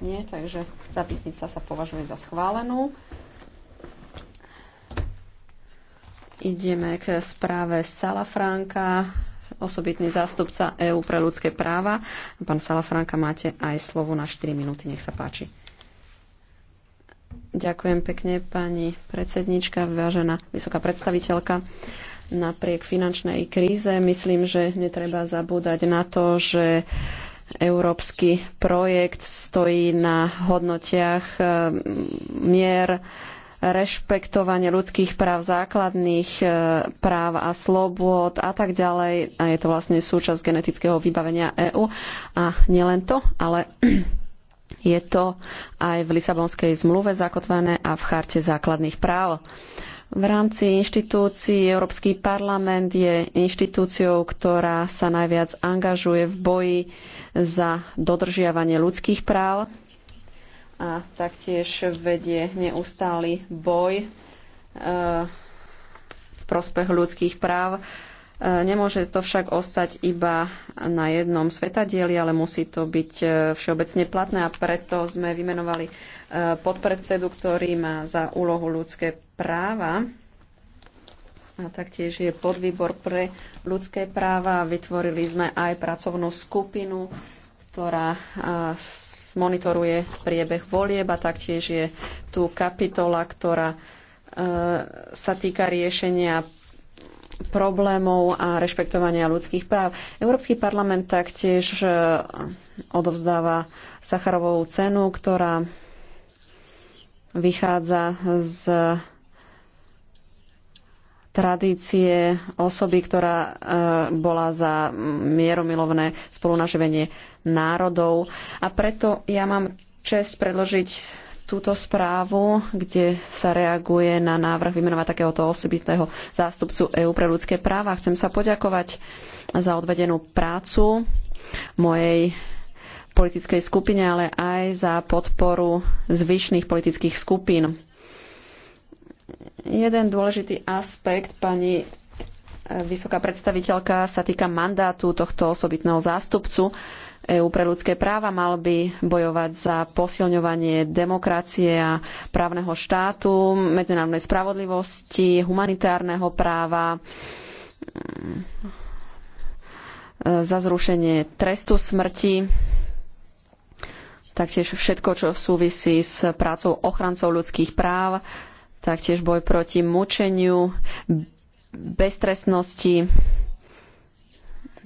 Nie, takže zapisnica sa považuje za schválenú. Ideme k správe Salafranka, osobitný zástupca EÚ pre ľudské práva. Pán Salafranka, máte aj slovo na 4 minúty, nech sa páči. Ďakujem pekne, pani predsednička, vážená vysoká predstaviteľka. Napriek finančnej kríze myslím, že netreba zabúdať na to, že Európsky projekt stojí na hodnotiach eh, mier, rešpektovanie ľudských práv, základných eh, práv a slobôd a tak ďalej. A je to vlastne súčasť genetického vybavenia EÚ. A nielen to, ale je to aj v Lisabonskej zmluve zakotvené a v charte základných práv. V rámci inštitúcií Európsky parlament je inštitúciou, ktorá sa najviac angažuje v boji za dodržiavanie ľudských práv a taktiež vedie neustály boj e, v prospech ľudských práv. E, nemôže to však ostať iba na jednom svetadieli, ale musí to byť e, všeobecne platné a preto sme vymenovali podpredsedu, ktorý má za úlohu ľudské práva a taktiež je podvýbor pre ľudské práva. Vytvorili sme aj pracovnú skupinu, ktorá monitoruje priebeh volieb a taktiež je tu kapitola, ktorá e, sa týka riešenia problémov a rešpektovania ľudských práv. Európsky parlament taktiež e, odovzdáva Sacharovú cenu, ktorá vychádza z tradície osoby, ktorá e, bola za mieromilovné spolunaživenie národov. A preto ja mám čest predložiť túto správu, kde sa reaguje na návrh vymenovať takéhoto osobitného zástupcu EÚ pre ľudské práva. Chcem sa poďakovať za odvedenú prácu mojej politickej skupine, ale aj za podporu zvyšných politických skupín Jeden dôležitý aspekt, pani e, vysoká predstaviteľka, sa týka mandátu tohto osobitného zástupcu. EU pre ľudské práva mal by bojovať za posilňovanie demokracie a právneho štátu, medzinárodnej spravodlivosti, humanitárneho práva, mm, e, za zrušenie trestu smrti, taktiež všetko, čo súvisí s prácou ochrancov ľudských práv, taktiež boj proti mučeniu, beztrestnosti,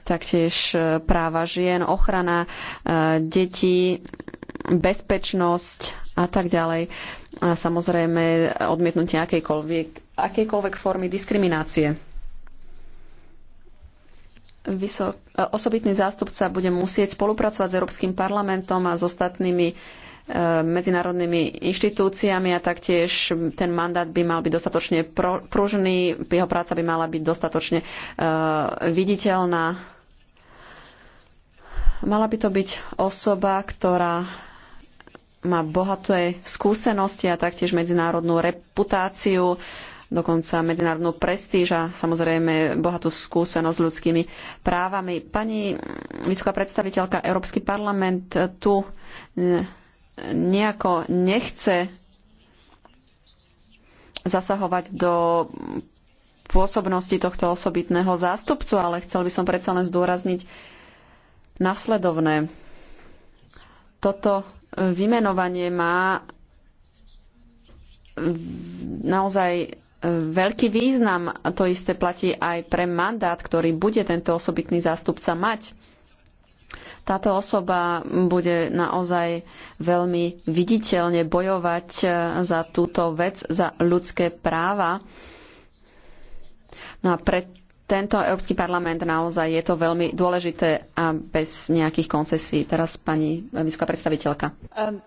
taktiež e, práva žien, ochrana e, detí, bezpečnosť a tak ďalej. A samozrejme odmietnutie akejkoľvek, akejkoľvek formy diskriminácie. Vysok, e, osobitný zástupca bude musieť spolupracovať s Európskym parlamentom a s ostatnými medzinárodnými inštitúciami a taktiež ten mandát by mal byť dostatočne pružný, jeho práca by mala byť dostatočne e, viditeľná. Mala by to byť osoba, ktorá má bohaté skúsenosti a taktiež medzinárodnú reputáciu, dokonca medzinárodnú prestíž a samozrejme bohatú skúsenosť s ľudskými právami. Pani vysoká predstaviteľka, Európsky parlament tu e, nejako nechce zasahovať do pôsobnosti tohto osobitného zástupcu, ale chcel by som predsa len zdôrazniť nasledovné. Toto vymenovanie má naozaj veľký význam. To isté platí aj pre mandát, ktorý bude tento osobitný zástupca mať. Táto osoba bude naozaj veľmi viditeľne bojovať eh, za túto vec, za ľudské práva. No a pre tento Európsky parlament naozaj je to veľmi dôležité a bez nejakých koncesí. Teraz pani vysoká predstaviteľka. Um.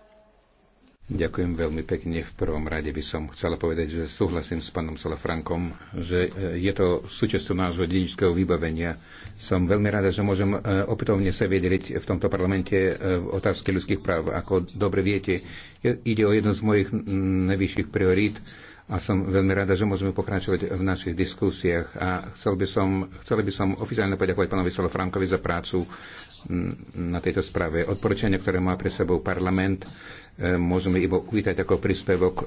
Ďakujem veľmi pekne. V prvom rade by som chcela povedať, že súhlasím s pánom Salafrankom, že e, je to súčasťou nášho dedičského vybavenia. Som veľmi rada, že môžem e, opätovne sa vedeliť v tomto parlamente e, v otázke ľudských práv. Ako dobre viete, ide o jednu z mojich najvyšších priorít a som veľmi rada, že môžeme pokračovať v našich diskusiách. A chcel by som, chcel by som oficiálne poďakovať pánovi Salafrankovi za prácu na tejto správe. Odporúčania, ktoré má pre sebou parlament, E, môžeme iba uvítať ako príspevok e,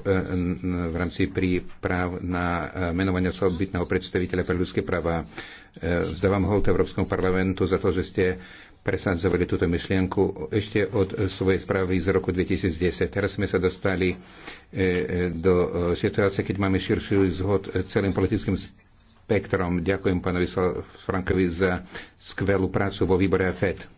v rámci príprav na e, menovanie osobitného predstaviteľa pre ľudské práva. Zdávam hold Európskom parlamentu za to, že ste presadzovali túto myšlienku ešte od svojej správy z roku 2010. Teraz sme sa dostali do situácie, keď máme širší zhod celým politickým spektrom. Ďakujem pánovi Frankovi za skvelú prácu vo výbore FED.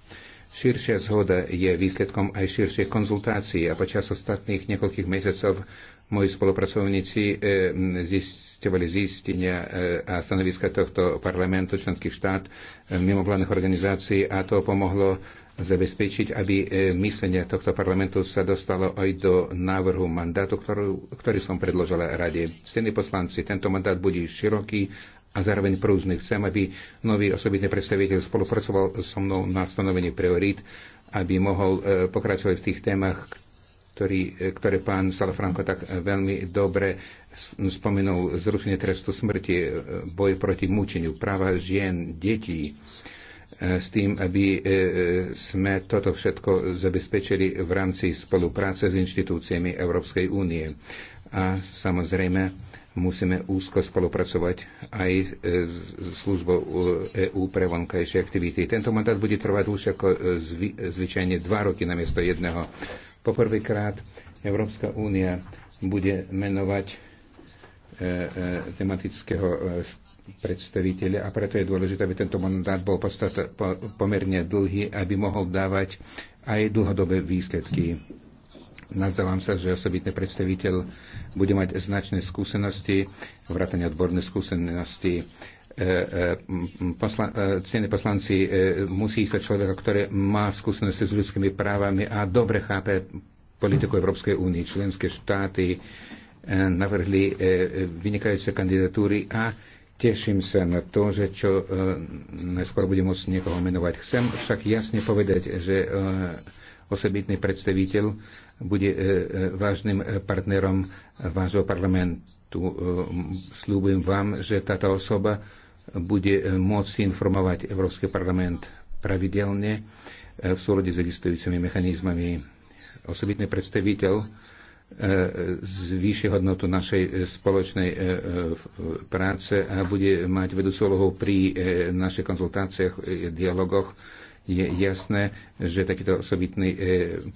Širšia zhoda je výsledkom aj širšej konzultácií a počas ostatných niekoľkých mesiacov moji spolupracovníci eh, zistovali zistenia eh, a stanoviska tohto parlamentu, členských štát, eh, mimovládnych organizácií a to pomohlo zabezpečiť, aby myslenie tohto parlamentu sa dostalo aj do návrhu mandátu, ktorú, ktorý som predložila rade. Stení poslanci, tento mandát bude široký a zároveň prúzny. Chcem, aby nový osobitný predstaviteľ spolupracoval so mnou na stanovení priorít, aby mohol e, pokračovať v tých témach, ktorý, e, ktoré pán Salafranco tak e, veľmi dobre spomenul. Zrušenie trestu smrti, boj proti mučeniu, práva žien, detí s tým, aby sme toto všetko zabezpečili v rámci spolupráce s inštitúciami Európskej únie. A samozrejme, musíme úzko spolupracovať aj s službou EÚ e pre vonkajšie aktivity. Tento mandát bude trvať dlhšie ako e, zvy, zvyčajne dva roky namiesto jedného. Poprvýkrát Európska únia bude menovať e, tematického predstaviteľa a preto je dôležité, aby tento mandát bol po pomerne dlhý, aby mohol dávať aj dlhodobé výsledky Nazdávam sa, že osobitný predstaviteľ bude mať značné skúsenosti, vrátane odborné skúsenosti. E, e, Posla, e, cene poslanci e, musí sa človeka, ktorý má skúsenosti s ľudskými právami a dobre chápe politiku Európskej únie. Členské štáty e, navrhli e, e, vynikajúce kandidatúry a Teším sa na to, že čo e, najskôr budem môcť niekoho menovať. Chcem však jasne povedať, že e, osobitný predstaviteľ bude e, e, vážnym e, partnerom vášho parlamentu. Slúbujem vám, že táto osoba bude môcť informovať Európsky parlament pravidelne v súlode s existujúcimi mechanizmami. Osobitný predstaviteľ zvýši hodnotu našej spoločnej práce a bude mať vedúcu úlohu pri našich konzultáciách, dialogoch je jasné, že takýto osobitný e,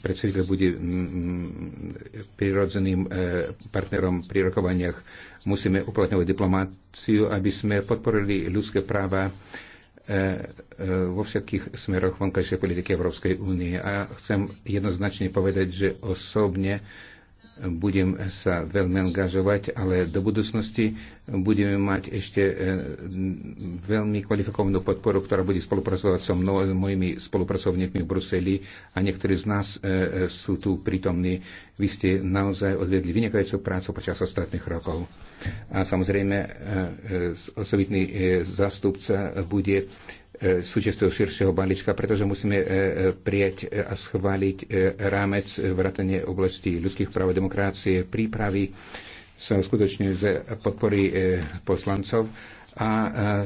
predstaviteľ bude prirodzeným e, partnerom pri rokovaniach. Musíme uplatňovať diplomáciu, aby sme podporili ľudské práva e, vo všetkých smeroch vonkajšej politiky Európskej únie. A chcem jednoznačne povedať, že osobne budem sa veľmi angažovať, ale do budúcnosti budeme mať ešte e, veľmi kvalifikovanú podporu, ktorá bude spolupracovať so mnou, mojimi spolupracovníkmi v Bruseli a niektorí z nás e, e, sú tu prítomní. Vy ste naozaj odvedli vynikajúcu prácu počas ostatných rokov. A samozrejme, osobitný zástupca bude E, súčasťou širšieho balíčka, pretože musíme e, e, prijať a schváliť rámec vratenie oblasti ľudských práv a demokracie, prípravy sa skutočne za podpory poslancov a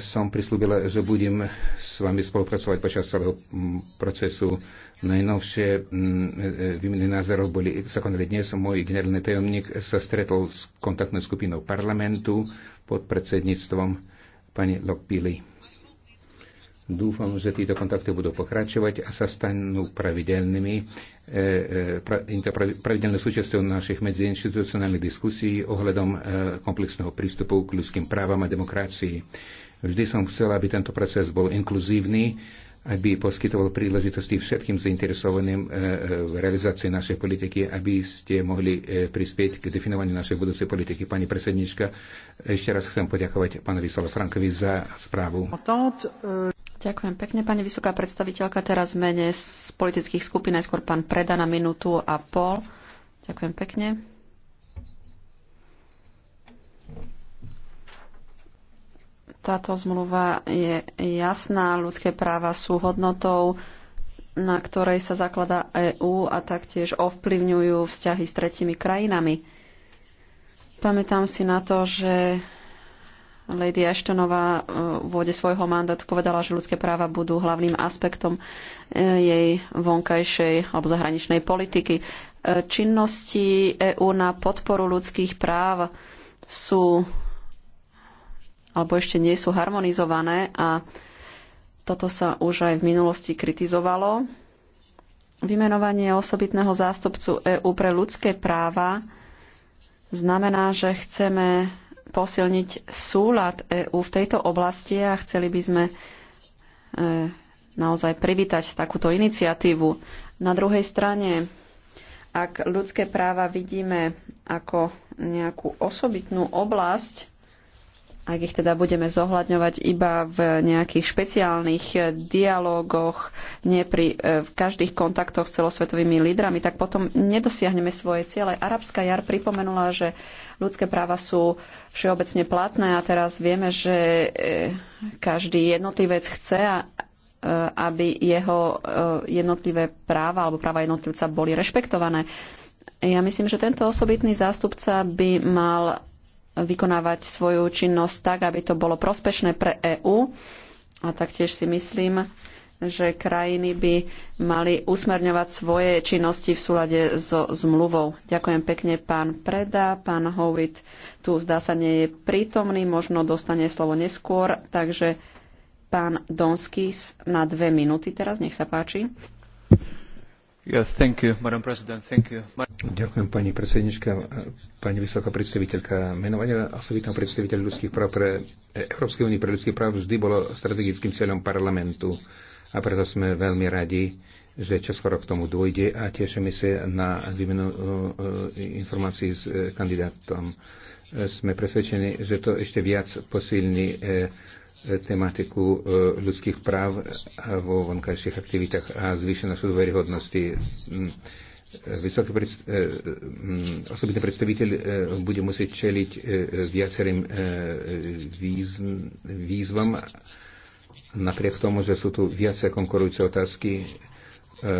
som prislúbila, že budem s vami spolupracovať počas celého procesu. Najnovšie výmeny názorov boli zakonali dnes. Môj generálny tajomník sa stretol s kontaktnou skupinou parlamentu pod predsedníctvom pani Lokpily. Dúfam, že títo kontakty budú pokračovať a sa stanú pravidelnými, e, e, pravidelnou súčasťou našich medziinstitucionálnych diskusí ohľadom e, komplexného prístupu k ľudským právam a demokracii. Vždy som chcel, aby tento proces bol inkluzívny, aby poskytoval príležitosti všetkým zainteresovaným v realizácii našej politiky, aby ste mohli prispieť k definovaniu našej budúcej politiky. Pani predsednička, ešte raz chcem poďakovať pánovi Salafrankovi za správu. Euh, Ďakujem pekne, pani vysoká predstaviteľka. Teraz mene z politických skupín, najskôr pán Preda na minútu a pol. Ďakujem pekne. Táto zmluva je jasná. Ľudské práva sú hodnotou, na ktorej sa zaklada EÚ a taktiež ovplyvňujú vzťahy s tretimi krajinami. Pamätám si na to, že Lady Ashtonová e, v vode svojho mandátu povedala, že ľudské práva budú hlavným aspektom e, jej vonkajšej alebo zahraničnej politiky. E, činnosti EÚ na podporu ľudských práv sú alebo ešte nie sú harmonizované a toto sa už aj v minulosti kritizovalo. Vymenovanie osobitného zástupcu EÚ pre ľudské práva znamená, že chceme posilniť súlad EÚ v tejto oblasti a chceli by sme e, naozaj privítať takúto iniciatívu. Na druhej strane, ak ľudské práva vidíme ako nejakú osobitnú oblasť, ak ich teda budeme zohľadňovať iba v nejakých špeciálnych dialógoch, nie pri, e, v každých kontaktoch s celosvetovými lídrami, tak potom nedosiahneme svoje ciele. Arabská jar pripomenula, že ľudské práva sú všeobecne platné a teraz vieme, že eh, každý jednotlivec chce, eh, aby jeho eh, jednotlivé práva alebo práva jednotlivca boli rešpektované. Ja myslím, že tento osobitný zástupca by mal vykonávať svoju činnosť tak, aby to bolo prospešné pre EÚ. A taktiež si myslím, že krajiny by mali usmerňovať svoje činnosti v súlade so zmluvou. Ďakujem pekne pán Preda, pán Howitt tu zdá sa nie je prítomný, možno dostane slovo neskôr, takže pán Donskis na dve minúty teraz, nech sa páči. Yeah, thank you, Madam President, thank you. Ma- Ďakujem pani predsednička, pani vysoká predstaviteľka. Menovanie osobitného predstaviteľ ľudských práv pre Európskej únie pre ľudských práv vždy bolo strategickým cieľom parlamentu a preto sme veľmi radi, že čoskoro k tomu dôjde a tešíme sa na výmenu e, e, informácií s e, kandidátom. Sme presvedčení, že to ešte viac posilní tematiku ľudských práv vo vonkajších aktivitách a zvýši našu dôveryhodnosti. Mm, Vysoký predst- mm, osobitný predstaviteľ bude musieť čeliť viacerým výzvam Napriek tomu, že sú tu viacej konkurujúce otázky, e, e,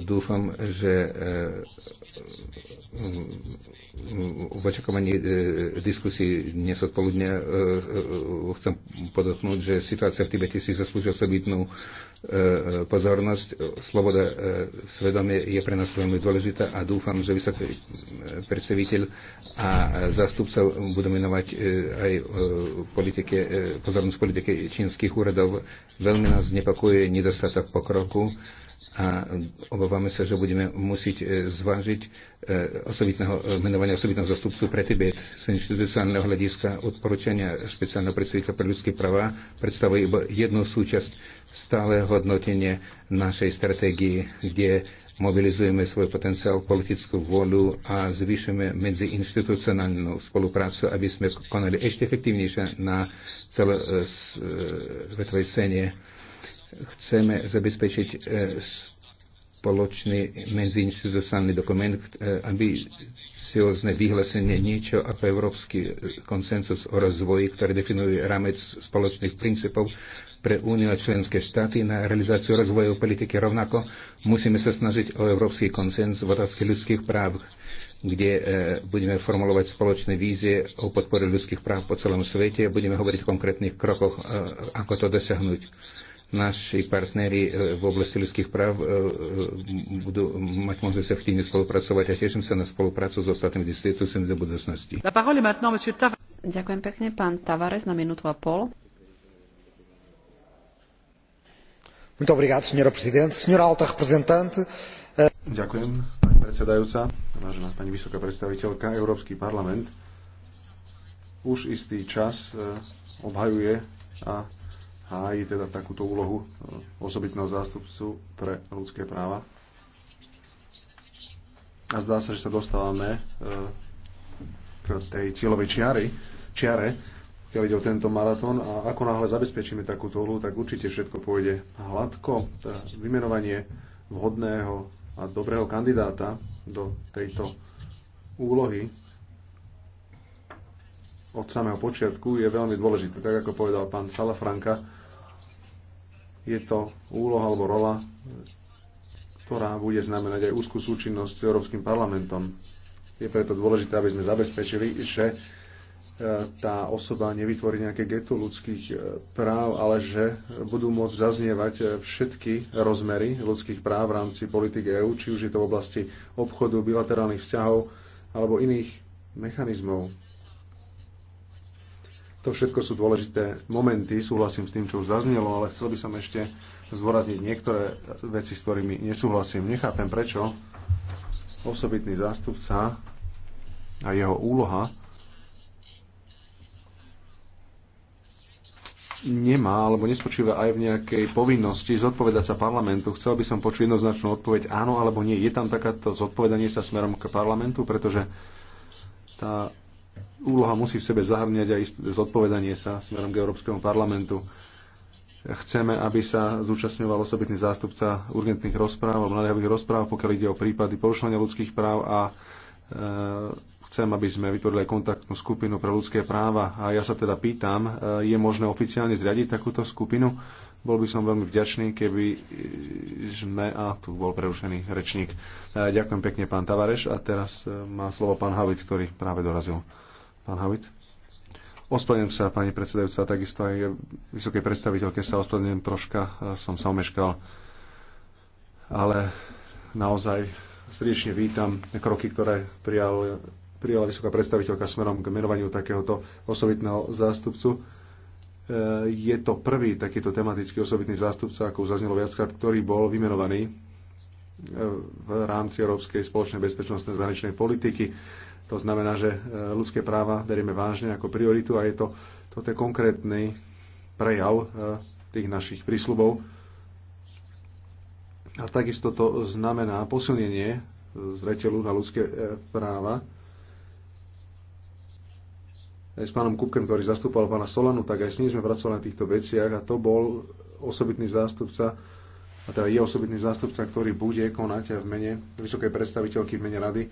dúfam, že e, v očakovaní diskusí dnes odpoludne chcem podotknúť, že situácia v Tibete si zaslúži osobitnú E, e, pozornosť. E, sloboda svedomie je pre nás veľmi dôležitá a dúfam, že vysoký predstaviteľ a zastupca budú menovať aj politike, pozornosť politike čínskych úradov. Veľmi nás znepokojuje nedostatok pokroku a obávame sa, že budeme musieť e, zvážiť e, osobitného, e, menovania osobitného zastupcu pre Tibet. Z institucionálneho hľadiska odporúčania špeciálneho predstaviteľa pre ľudské práva predstavuje iba jednu súčasť stále hodnotenie našej stratégie, kde mobilizujeme svoj potenciál, politickú vôľu a zvýšime medziinstitucionálnu spoluprácu, aby sme konali ešte efektívnejšie na celé svetovej scéne Chceme zabezpečiť e, spoločný medziinstitucionálny dokument, e, aby seriózne vyhlásenie niečo ako európsky konsensus o rozvoji, ktorý definuje ramec spoločných princípov pre Úniu a členské štáty na realizáciu rozvojov politiky. Rovnako musíme sa snažiť o európsky konsens v otázke ľudských práv, kde e, budeme formulovať spoločné vízie o podpore ľudských práv po celom svete a budeme hovoriť o konkrétnych krokoch, ako to dosiahnuť naši partneri eh, v oblasti ľudských práv eh, eh, budú mať možnosť efektívne spolupracovať a teším sa na spoluprácu s ostatnými institúciami do budúcnosti. Ďakujem pekne, pán Tavares, na minútu a pol. Muito obrigado, senhora presidente. Senhora alta representante. Ďakujem, pani predsedajúca, vážená pani vysoká predstaviteľka. Európsky parlament už istý čas obhajuje a háji teda takúto úlohu e, osobitného zástupcu pre ľudské práva. A zdá sa, že sa dostávame e, k tej cieľovej čiary, čiare, keď ide o tento maratón a ako náhle zabezpečíme takúto úlohu, tak určite všetko pôjde hladko. Tá e, vymenovanie vhodného a dobrého kandidáta do tejto úlohy od samého počiatku je veľmi dôležité. Tak ako povedal pán Salafranka, je to úloha alebo rola, ktorá bude znamenať aj úzkú súčinnosť s Európskym parlamentom. Je preto dôležité, aby sme zabezpečili, že e, tá osoba nevytvorí nejaké geto ľudských e, práv, ale že budú môcť zaznievať e, všetky rozmery ľudských práv v rámci politik EÚ, či už je to v oblasti obchodu, bilaterálnych vzťahov alebo iných mechanizmov to všetko sú dôležité momenty, súhlasím s tým, čo už zaznelo, ale chcel by som ešte zvorazniť niektoré veci, s ktorými nesúhlasím. Nechápem, prečo osobitný zástupca a jeho úloha nemá alebo nespočíva aj v nejakej povinnosti zodpovedať sa parlamentu. Chcel by som počuť jednoznačnú odpoveď áno alebo nie. Je tam takáto zodpovedanie sa smerom k parlamentu, pretože tá úloha musí v sebe zahrňať aj zodpovedanie sa smerom k Európskemu parlamentu. Chceme, aby sa zúčastňoval osobitný zástupca urgentných rozpráv alebo naliehavých rozpráv, pokiaľ ide o prípady porušovania ľudských práv a e, chcem, aby sme vytvorili aj kontaktnú skupinu pre ľudské práva. A ja sa teda pýtam, e, je možné oficiálne zriadiť takúto skupinu? Bol by som veľmi vďačný, keby sme... A tu bol prerušený rečník. E, ďakujem pekne, pán Tavareš. A teraz e, má slovo pán Havit, ktorý práve dorazil. Pán Havit. Ospravedlňujem sa, pani predsedajúca, takisto aj vysokej predstaviteľke sa ospravedlňujem troška, e, som sa omeškal. Ale naozaj srdečne vítam kroky, ktoré prijal, prijala vysoká predstaviteľka smerom k menovaniu takéhoto osobitného zástupcu. E, je to prvý takýto tematický osobitný zástupca, ako už zaznelo viackrát, ktorý bol vymenovaný e, v rámci Európskej spoločnej bezpečnostnej zahraničnej politiky to znamená, že e, ľudské práva berieme vážne ako prioritu a je to, toto je konkrétny prejav e, tých našich prísľubov. A takisto to znamená posilnenie e, zreteľu na ľudské práva. Aj s pánom Kupkem, ktorý zastúpal pána Solanu, tak aj s ním sme pracovali na týchto veciach a to bol osobitný zástupca a teda je osobitný zástupca, ktorý bude konať v mene vysokej predstaviteľky v mene rady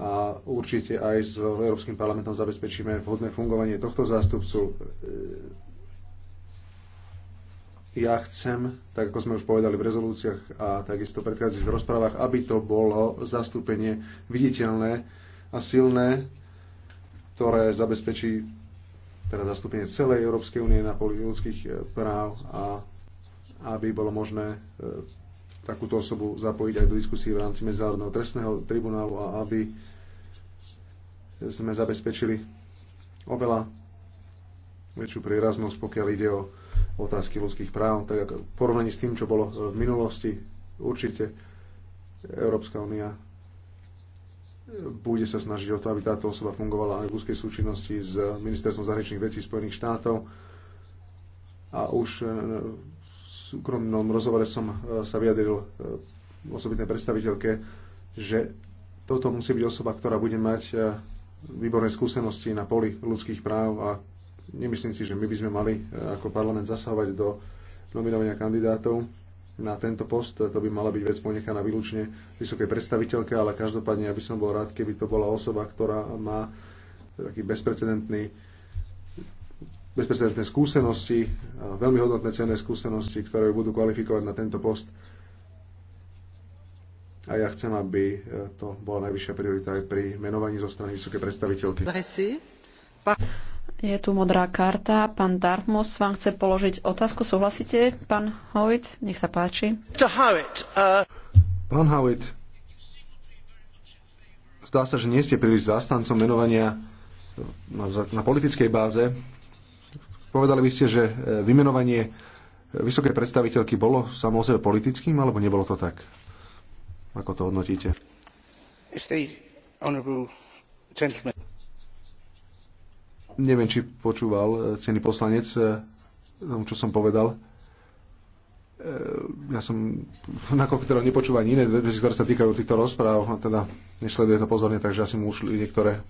a určite aj s Európskym parlamentom zabezpečíme vhodné fungovanie tohto zástupcu. E, ja chcem, tak ako sme už povedali v rezolúciách a takisto predchádzajúcich v rozprávach, aby to bolo zastúpenie viditeľné a silné, ktoré zabezpečí teda zastúpenie celej Európskej únie na poli ľudských e, práv a aby bolo možné e, takúto osobu zapojiť aj do diskusie v rámci Medzinárodného trestného tribunálu a aby sme zabezpečili oveľa väčšiu príraznosť, pokiaľ ide o otázky ľudských práv, tak ako v porovnaní s tým, čo bolo v minulosti, určite Európska únia bude sa snažiť o to, aby táto osoba fungovala aj v úzkej súčinnosti s Ministerstvom zahraničných vecí Spojených štátov a už eh, súkromnom rozhovore som e, sa vyjadril e, osobitnej predstaviteľke, že toto musí byť osoba, ktorá bude mať e, výborné skúsenosti na poli ľudských práv a nemyslím si, že my by sme mali ako parlament zasahovať do nominovania kandidátov na tento post. To by mala byť vec ponechaná výlučne vysokej predstaviteľke, ale každopádne ja by som bol rád, keby to bola osoba, ktorá má taký bezprecedentný bezprecedentné skúsenosti, veľmi hodnotné cenné skúsenosti, ktoré budú kvalifikovať na tento post. A ja chcem, aby e, to bola najvyššia priorita aj pri menovaní zo strany vysokej predstaviteľky. Je tu modrá karta. Pán Darmus vám chce položiť otázku. Súhlasíte, pán Howitt? Nech sa páči. Uh- pán Howitt, zdá sa, že nie ste príliš zastancom menovania na politickej báze Povedali by ste, že e, vymenovanie e, vysokej predstaviteľky bolo samo o sebe politickým, alebo nebolo to tak? Ako to hodnotíte? Neviem, či počúval e, cený poslanec tomu, čo som povedal. Ja som, na teda nepočúva ani iné veci, ktoré sa týkajú týchto rozpráv, teda nesleduje to pozorne, takže asi mu ušli niektoré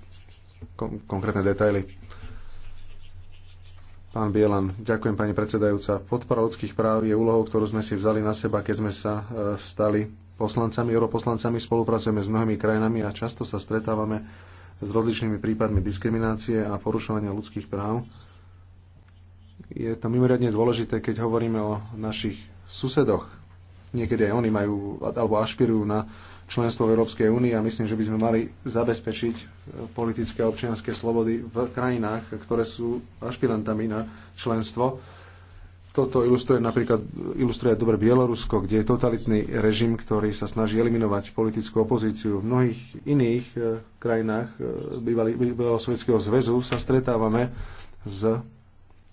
kon- konkrétne detaily. Pán Bielan, ďakujem pani predsedajúca. Podpora ľudských práv je úlohou, ktorú sme si vzali na seba, keď sme sa e, stali poslancami, europoslancami. Spolupracujeme s mnohými krajinami a často sa stretávame s rozličnými prípadmi diskriminácie a porušovania ľudských práv. Je to mimoriadne dôležité, keď hovoríme o našich susedoch. Niekedy aj oni majú alebo ašpirujú na členstvo Európskej únie a myslím, že by sme mali zabezpečiť e, politické a občianské slobody v krajinách, ktoré sú ašpirantami na členstvo. Toto ilustruje napríklad ilustruje dobre Bielorusko, kde je totalitný režim, ktorý sa snaží eliminovať politickú opozíciu. V mnohých iných e, krajinách e, bývalého Sovjetského zväzu sa stretávame s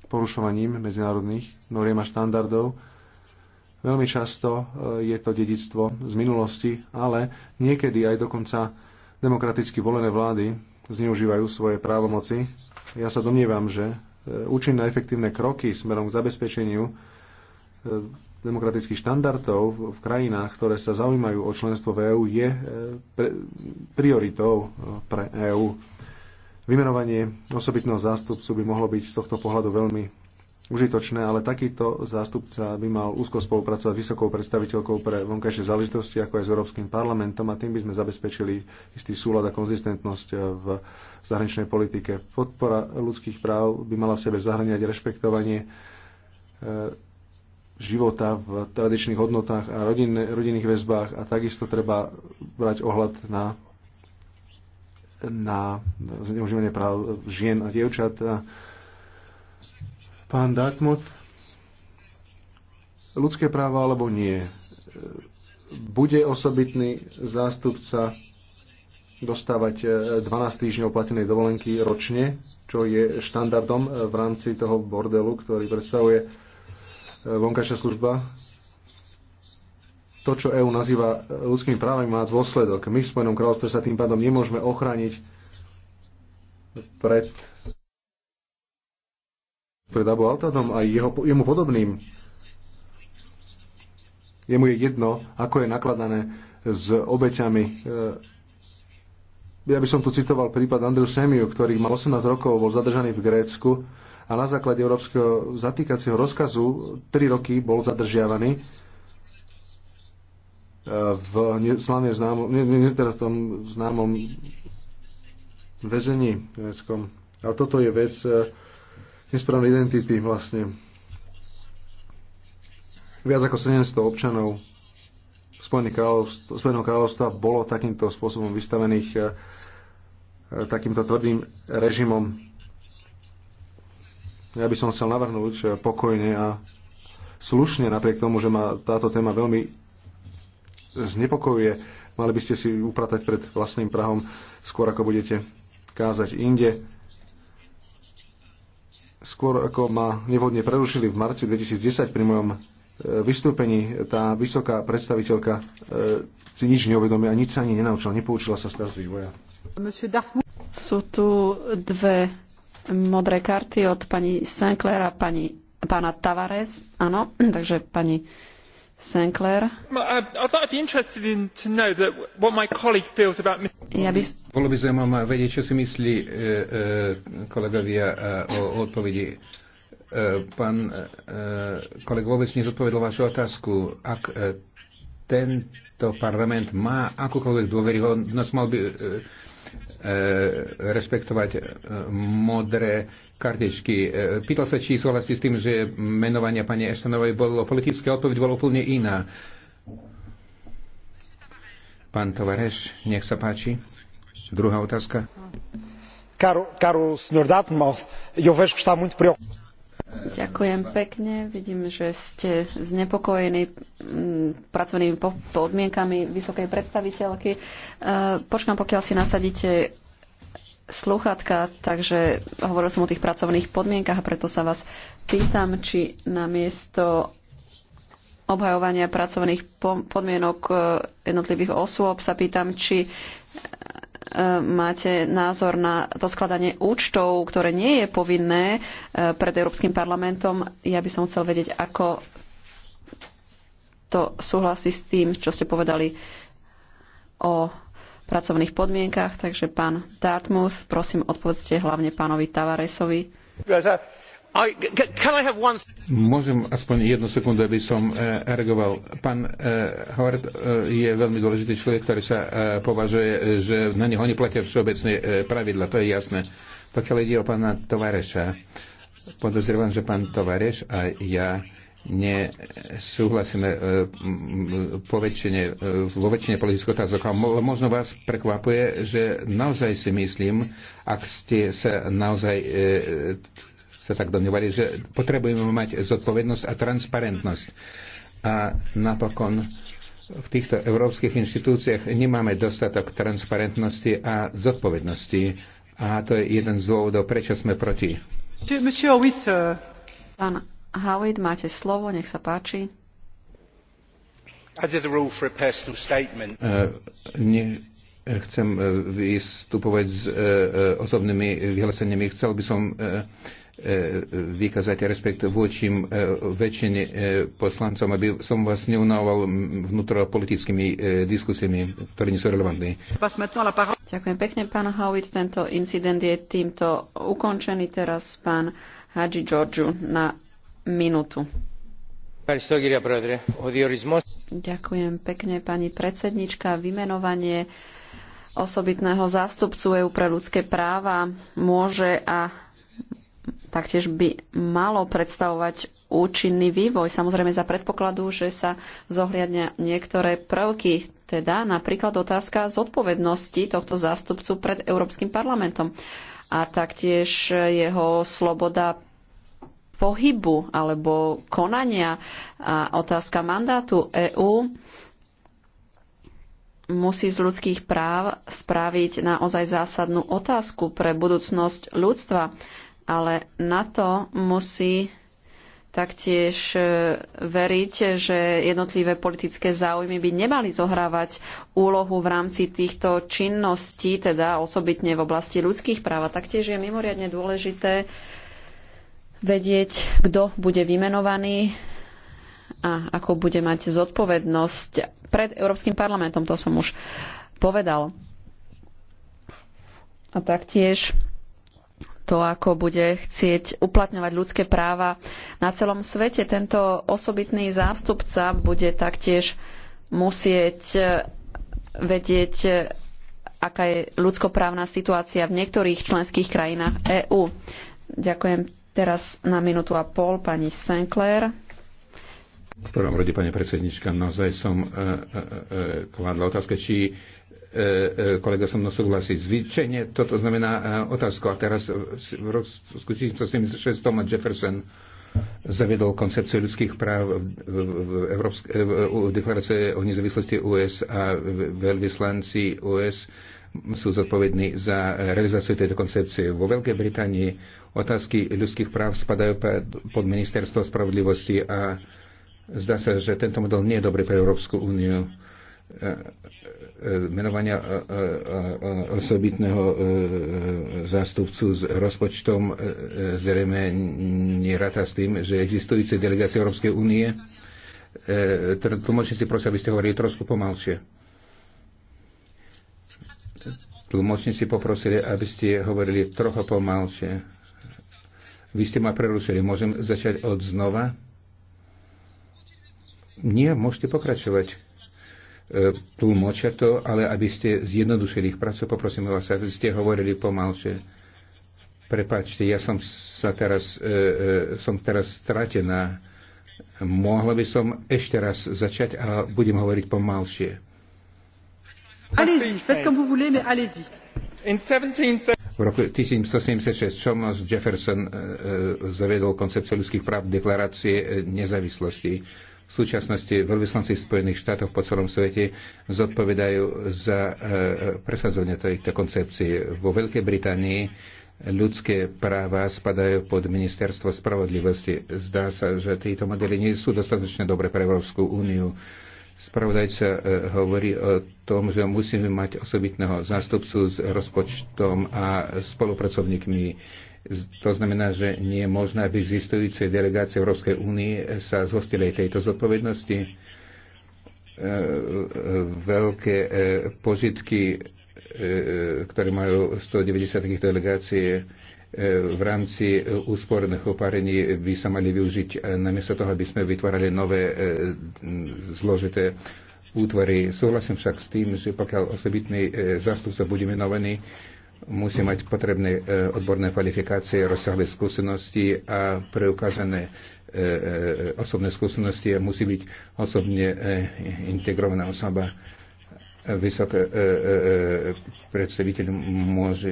porušovaním medzinárodných noriem a štandardov Veľmi často e, je to dedictvo z minulosti, ale niekedy aj dokonca demokraticky volené vlády zneužívajú svoje právomoci. Ja sa domnievam, že e, účinné efektívne kroky smerom k zabezpečeniu e, demokratických štandardov v krajinách, ktoré sa zaujímajú o členstvo v EÚ, je prioritou pre EÚ. Vymenovanie osobitného zástupcu by mohlo byť z tohto pohľadu veľmi užitočné, ale takýto zástupca by mal úzko spolupracovať s vysokou predstaviteľkou pre vonkajšie záležitosti, ako aj s Európskym parlamentom a tým by sme zabezpečili istý súlad a konzistentnosť v zahraničnej politike. Podpora ľudských práv by mala v sebe zahraniať rešpektovanie e, života v tradičných hodnotách a rodinne, rodinných väzbách a takisto treba brať ohľad na na zneužívanie práv žien a dievčat Pán Dartmouth, ľudské práva alebo nie. Bude osobitný zástupca dostávať 12 e, týždňov platenej dovolenky ročne, čo je štandardom e, v rámci toho bordelu, ktorý predstavuje e, vonkajšia služba. To, čo EÚ nazýva ľudskými právami, má dôsledok. My v Spojenom kráľovstve sa tým pádom nemôžeme ochrániť pred pred Abu Altadom a jeho, jemu podobným. Jemu je jedno, ako je nakladané s obeťami. E, ja by som tu citoval prípad Andrew Semiu, ktorý mal 18 rokov, bol zadržaný v Grécku a na základe európskeho zatýkacieho rozkazu 3 roky bol zadržiavaný e, v slavne známom, ne, ne, teda v tom známom väzení gréckom. Ale toto je vec, e, nesprávne identity vlastne. Viac ako 700 občanov Spojeného kráľovstva bolo takýmto spôsobom vystavených e, e, takýmto tvrdým režimom. Ja by som chcel navrhnúť e, pokojne a slušne, napriek tomu, že ma táto téma veľmi znepokojuje, mali by ste si upratať pred vlastným prahom, skôr ako budete kázať inde skôr ako ma nevhodne prerušili v marci 2010 pri mojom e, vystúpení, tá vysoká predstaviteľka e, si nič neuvedomila, nič sa ani nenaučila, nepoučila sa z vývoja. Sú tu dve modré karty od pani Sinclair a pani, pána Tavares. Áno, takže pani Sinclair. Ja by... Bolo by zaujímavé vedieť, čo si myslí e, e, kolegovia e, o, o odpovedi. E, pán e, e koleg vôbec nezodpovedal vašu otázku. Ak e, tento parlament má akúkoľvek dôveryhodnosť, mal by e, e, rešpektovať e, modré kartičky. E, pýtal sa, či súhlasíte s tým, že menovanie pani Eštanovej bolo politické, odpoveď bola úplne iná. Pán Tovareš, nech sa páči. Druhá otázka. Ďakujem pekne. Vidím, že ste znepokojení mm, pracovnými podmienkami vysokej predstaviteľky. E, počkám, pokiaľ si nasadíte sluchatka, takže hovoril som o tých pracovných podmienkach a preto sa vás pýtam, či namiesto obhajovania pracovných podmienok e, jednotlivých osôb sa pýtam, či e, máte názor na to skladanie účtov, ktoré nie je povinné e, pred Európskym parlamentom. Ja by som chcel vedieť, ako to súhlasí s tým, čo ste povedali o pracovných podmienkach. Takže pán Dartmouth, prosím, odpovedzte hlavne pánovi Tavaresovi. Môžem aspoň jednu sekundu, aby som e, reagoval. Pán e, Howard e, je veľmi dôležitý človek, ktorý sa považuje, že na neho neplatia všeobecné pravidla, to je jasné. Pokiaľ ide o pána Tovareša, podozrievam, že pán Tovareš a ja nesúhlasíme e, väčšine, e, vo väčšine politických otázok. A možno vás prekvapuje, že naozaj si myslím, ak ste sa naozaj e, sa tak domnievali, že potrebujeme mať zodpovednosť a transparentnosť. A napokon v týchto európskych inštitúciách nemáme dostatok transparentnosti a zodpovednosti. A to je jeden z dôvodov, prečo sme proti. Pán Howard, máte slovo, nech sa páči. E, e, chcem e, vystupovať s osobnými vyhláseniami. Chcel by som vykazať respekt voči väčšine poslancom, aby som vás neunával vnútropolitickými diskusiami, ktoré nie sú relevantné. Ďakujem pekne, pán Howitt. Tento incident je týmto ukončený. Teraz pán Hadži Georgiou na minútu. Ďakujem pekne, pani predsednička. Vymenovanie osobitného zástupcu EU pre ľudské práva môže a taktiež by malo predstavovať účinný vývoj, samozrejme za predpokladu, že sa zohliadnia niektoré prvky, teda napríklad otázka zodpovednosti tohto zástupcu pred Európskym parlamentom a taktiež jeho sloboda pohybu alebo konania a otázka mandátu EÚ musí z ľudských práv spraviť naozaj zásadnú otázku pre budúcnosť ľudstva, ale na to musí taktiež e, veriť, že jednotlivé politické záujmy by nemali zohrávať úlohu v rámci týchto činností, teda osobitne v oblasti ľudských práv. A taktiež je mimoriadne dôležité vedieť, kto bude vymenovaný a ako bude mať zodpovednosť pred Európskym parlamentom, to som už povedal. A taktiež to, ako bude chcieť uplatňovať ľudské práva na celom svete. Tento osobitný zástupca bude taktiež musieť vedieť, aká je ľudskoprávna situácia v niektorých členských krajinách EÚ. Ďakujem Teraz na minútu a pol pani Sinclair. V prvom rade, pani predsednička, naozaj som e, e, e, e kladla otázka, či e, e, kolega som mnou súhlasí. Zvyčajne toto znamená e, otázku. A teraz e, v roku 1976 Thomas Jefferson zavedol koncepciu ľudských práv v, v, v, e, v, v v deklarácii o nezávislosti USA a veľvyslanci USA sú zodpovední za realizáciu tejto koncepcie. Vo Veľkej Británii otázky ľudských práv spadajú pod ministerstvo spravodlivosti a zdá sa, že tento model nie je dobrý pre Európsku úniu e, e, menovania e, osobitného zástupcu s rozpočtom zrejme neráta s tým, že existujúce delegácie Európskej únie tlmočníci prosím, aby ste hovorili trošku pomalšie. Tlmočníci poprosili, aby ste hovorili trochu pomalšie. Vy ste ma prerušili. Môžem začať od znova? Nie, môžete pokračovať. E, tlmočia to, ale aby ste zjednodušili ich prácu, poprosím vás, aby ste hovorili pomalšie. Prepačte, ja som sa teraz, e, e, som teraz stratená. Mohla by som ešte raz začať a budem hovoriť pomalšie. V roku 1776 Thomas Jefferson eh, eh, zaviedol koncepciu ľudských práv deklarácie eh, nezávislosti. V súčasnosti veľvyslanci Spojených štátov po celom svete zodpovedajú za presadzovanie tejto koncepcie. Vo Veľkej Británii ľudské práva spadajú pod ministerstvo spravodlivosti. Zdá sa, že tieto modely nie sú dostatočne dobre pre Európsku úniu. Spravodajca e, hovorí o tom, že musíme mať osobitného zástupcu s rozpočtom a spolupracovníkmi. To znamená, že nie je možné, aby existujúce delegácie Európskej únie sa zhostili tejto zodpovednosti. E, e, veľké požitky, ktoré majú 190 delegácií, v rámci e, úsporných opárení by sa mali využiť e, namiesto toho, aby sme vytvárali nové e, zložité útvary. Súhlasím však s tým, že pokiaľ osobitný zástupca bude menovaný, musí mať potrebné odborné kvalifikácie, rozsiahle skúsenosti a preukázané osobné skúsenosti a musí byť osobne integrovaná osoba vysoké e, e, e, predstaviteľ môže,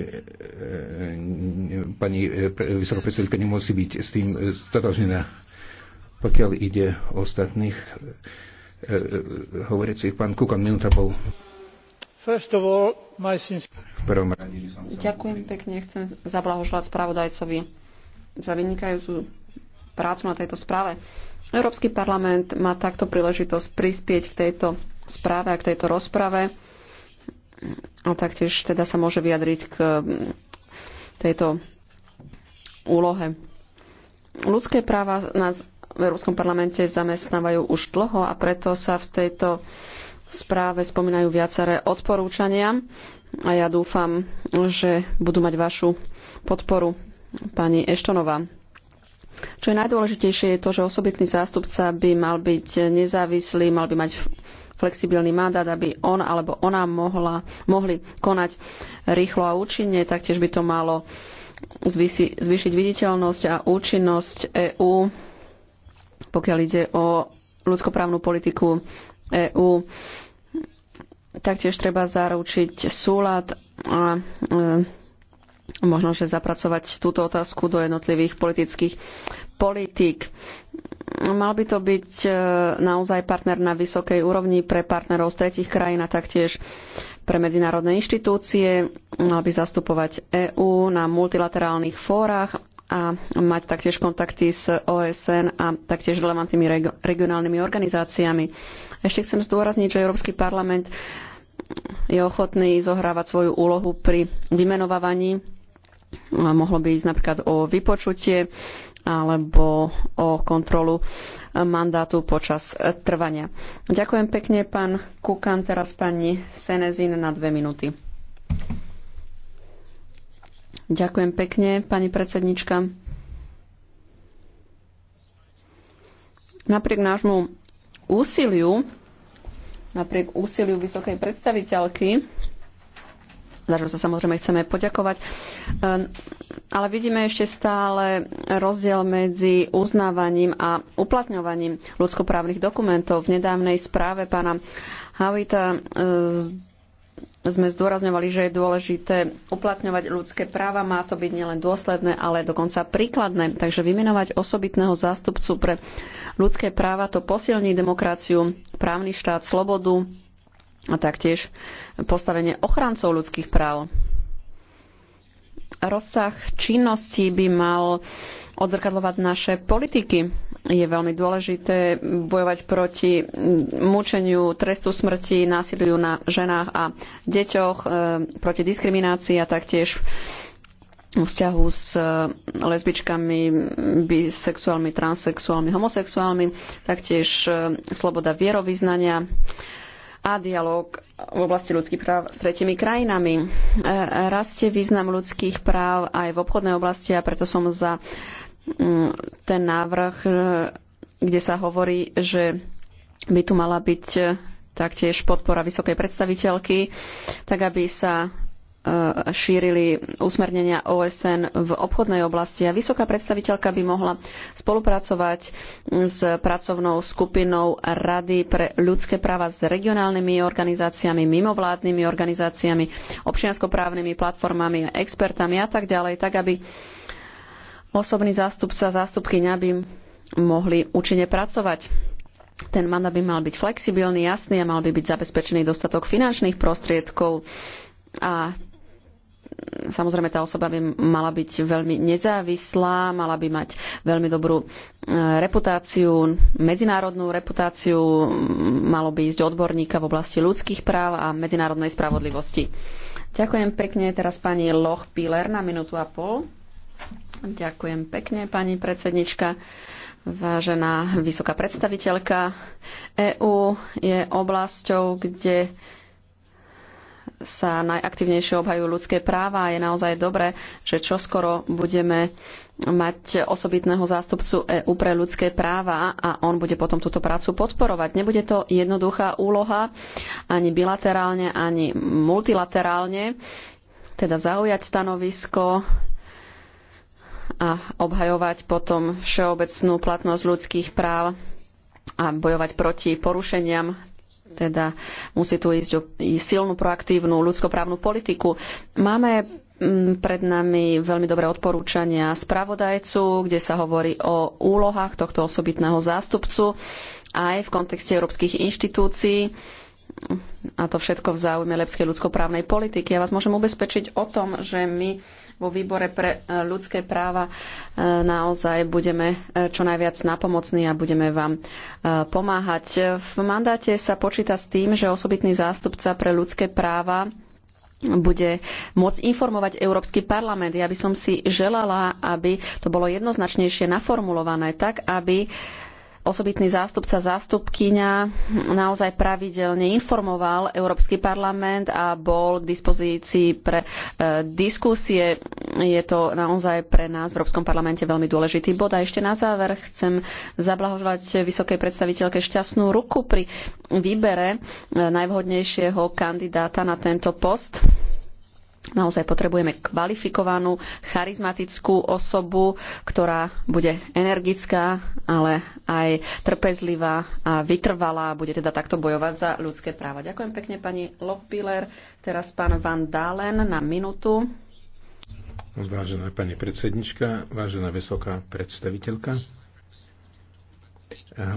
pani vysoká predstaviteľka nemusí byť s tým stotožnená. Pokiaľ ide o ostatných, e, hovoriacich pán Kukan, minúta pol. First of all, my v prvom rade by som Ďakujem pekne, chcem zablahoželať spravodajcovi za vynikajúcu prácu na tejto správe. Európsky parlament má takto príležitosť prispieť k tejto správe a k tejto rozprave. A taktiež teda sa môže vyjadriť k tejto úlohe. Ľudské práva nás v Európskom parlamente zamestnávajú už dlho a preto sa v tejto správe spomínajú viaceré odporúčania a ja dúfam, že budú mať vašu podporu pani Eštonová. Čo je najdôležitejšie je to, že osobitný zástupca by mal byť nezávislý, mal by mať flexibilný mandát, aby on alebo ona mohla, mohli konať rýchlo a účinne, taktiež by to malo zvysi, zvýšiť viditeľnosť a účinnosť EÚ, pokiaľ ide o ľudskoprávnu politiku EÚ. Taktiež treba zaručiť súlad a e, možno, že zapracovať túto otázku do jednotlivých politických politik. Mal by to byť e, naozaj partner na vysokej úrovni pre partnerov z tretich krajín a taktiež pre medzinárodné inštitúcie. Mal by zastupovať EÚ na multilaterálnych fórach a mať taktiež kontakty s OSN a taktiež relevantnými regionálnymi organizáciami. Ešte chcem zdôrazniť, že Európsky parlament je ochotný zohrávať svoju úlohu pri vymenovávaní. Mohlo by ísť napríklad o vypočutie alebo o kontrolu eh, mandátu počas eh, trvania. Ďakujem pekne, pán Kukan, teraz pani Senezin na dve minúty. Ďakujem pekne, pani predsednička. Napriek nášmu úsiliu, napriek úsiliu vysokej predstaviteľky, za čo sa samozrejme chceme poďakovať. Ehm, ale vidíme ešte stále rozdiel medzi uznávaním a uplatňovaním ľudskoprávnych dokumentov. V nedávnej správe pána Havita e, sme zdôrazňovali, že je dôležité uplatňovať ľudské práva. Má to byť nielen dôsledné, ale dokonca príkladné. Takže vymenovať osobitného zástupcu pre ľudské práva to posilní demokraciu, právny štát, slobodu, a taktiež postavenie ochrancov ľudských práv. Rozsah činností by mal odzrkadlovať naše politiky. Je veľmi dôležité bojovať proti mučeniu, trestu smrti, násiliu na ženách a deťoch, e, proti diskriminácii a taktiež vzťahu s e, lesbičkami, bisexuálmi, transexuálmi, homosexuálmi, taktiež e, sloboda vierovýznania a dialog v oblasti ľudských práv s tretimi krajinami. E, rastie význam ľudských práv aj v obchodnej oblasti a preto som za mm, ten návrh, e, kde sa hovorí, že by tu mala byť e, taktiež podpora vysokej predstaviteľky, tak aby sa Eh, šírili usmernenia OSN v obchodnej oblasti a vysoká predstaviteľka by mohla spolupracovať s pracovnou skupinou Rady pre ľudské práva s regionálnymi organizáciami, mimovládnymi organizáciami, občianskoprávnymi platformami, expertami a tak ďalej, tak aby osobný zástupca, zástupkyňa by mohli účinne pracovať. Ten mandát by mal byť flexibilný, jasný a mal by byť zabezpečený dostatok finančných prostriedkov a Samozrejme, tá osoba by mala byť veľmi nezávislá, mala by mať veľmi dobrú e, reputáciu, medzinárodnú reputáciu, malo by ísť odborníka v oblasti ľudských práv a medzinárodnej spravodlivosti. Ďakujem pekne teraz pani Loch Piller na minútu a pol. Ďakujem pekne, pani predsednička. Vážená vysoká predstaviteľka, EÚ je oblasťou, kde sa najaktívnejšie obhajujú ľudské práva a je naozaj dobré, že čoskoro budeme mať osobitného zástupcu EU pre ľudské práva a on bude potom túto prácu podporovať. Nebude to jednoduchá úloha ani bilaterálne, ani multilaterálne, teda zaujať stanovisko a obhajovať potom všeobecnú platnosť ľudských práv a bojovať proti porušeniam teda musí tu ísť o silnú, proaktívnu ľudskoprávnu politiku. Máme mm, pred nami veľmi dobré odporúčania spravodajcu, kde sa hovorí o úlohách tohto osobitného zástupcu aj v kontexte európskych inštitúcií a to všetko v záujme lepskej ľudskoprávnej politiky. Ja vás môžem ubezpečiť o tom, že my vo výbore pre e, ľudské práva e, naozaj budeme e, čo najviac napomocní a budeme vám pomáhať. V mandáte sa počíta s tým, že osobitný zástupca pre ľudské práva bude môcť informovať Európsky parlament. Ja by som si želala, aby to bolo jednoznačnejšie naformulované tak, aby uh, osobitný zástupca, zástupkyňa naozaj pravidelne informoval Európsky parlament a bol k dispozícii pre e, diskusie. Je to naozaj pre nás v Európskom parlamente veľmi dôležitý bod. A ešte na záver chcem zablahoželať vysokej predstaviteľke šťastnú ruku pri výbere e, najvhodnejšieho kandidáta na tento post. Naozaj potrebujeme kvalifikovanú, charizmatickú osobu, ktorá bude energická, ale aj trpezlivá a vytrvalá. a Bude teda takto bojovať za ľudské práva. Ďakujem pekne pani Lochbiller. Teraz pán Van Dalen na minútu. Vážená pani predsednička, vážená vysoká predstaviteľka,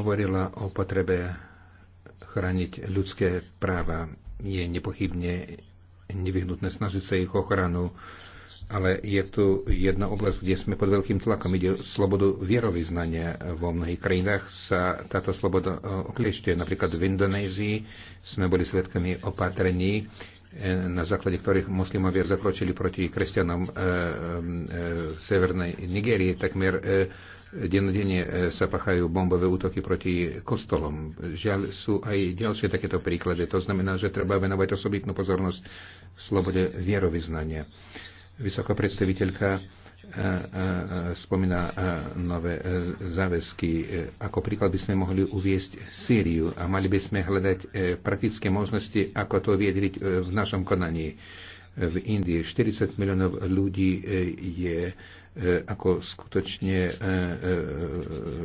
hovorila o potrebe chrániť ľudské práva. Je nepochybne nevyhnutné snažiť sa ich ochranu. Ale je tu jedna oblasť, kde sme pod veľkým tlakom. Ide o slobodu vierovýznania. Vo mnohých krajinách sa táto sloboda e, okliešťuje. Napríklad v Indonézii sme boli svedkami opatrení, e, na základe ktorých moslimovia zakročili proti kresťanom e, v severnej Nigérie. Takmer Denodene eh, sa pachajú bombové útoky proti kostolom. Žiaľ, sú aj ďalšie takéto príklady. To znamená, že treba venovať osobitnú pozornosť v slobode vierovýznania. Vysoká predstaviteľka eh, eh, spomína nové záväzky. Ako príklad by sme mohli uviesť Sýriu a mali by sme hľadať praktické možnosti, ako to viedriť v našom konaní. V Indii 40 miliónov ľudí je E, ako skutočne e, e,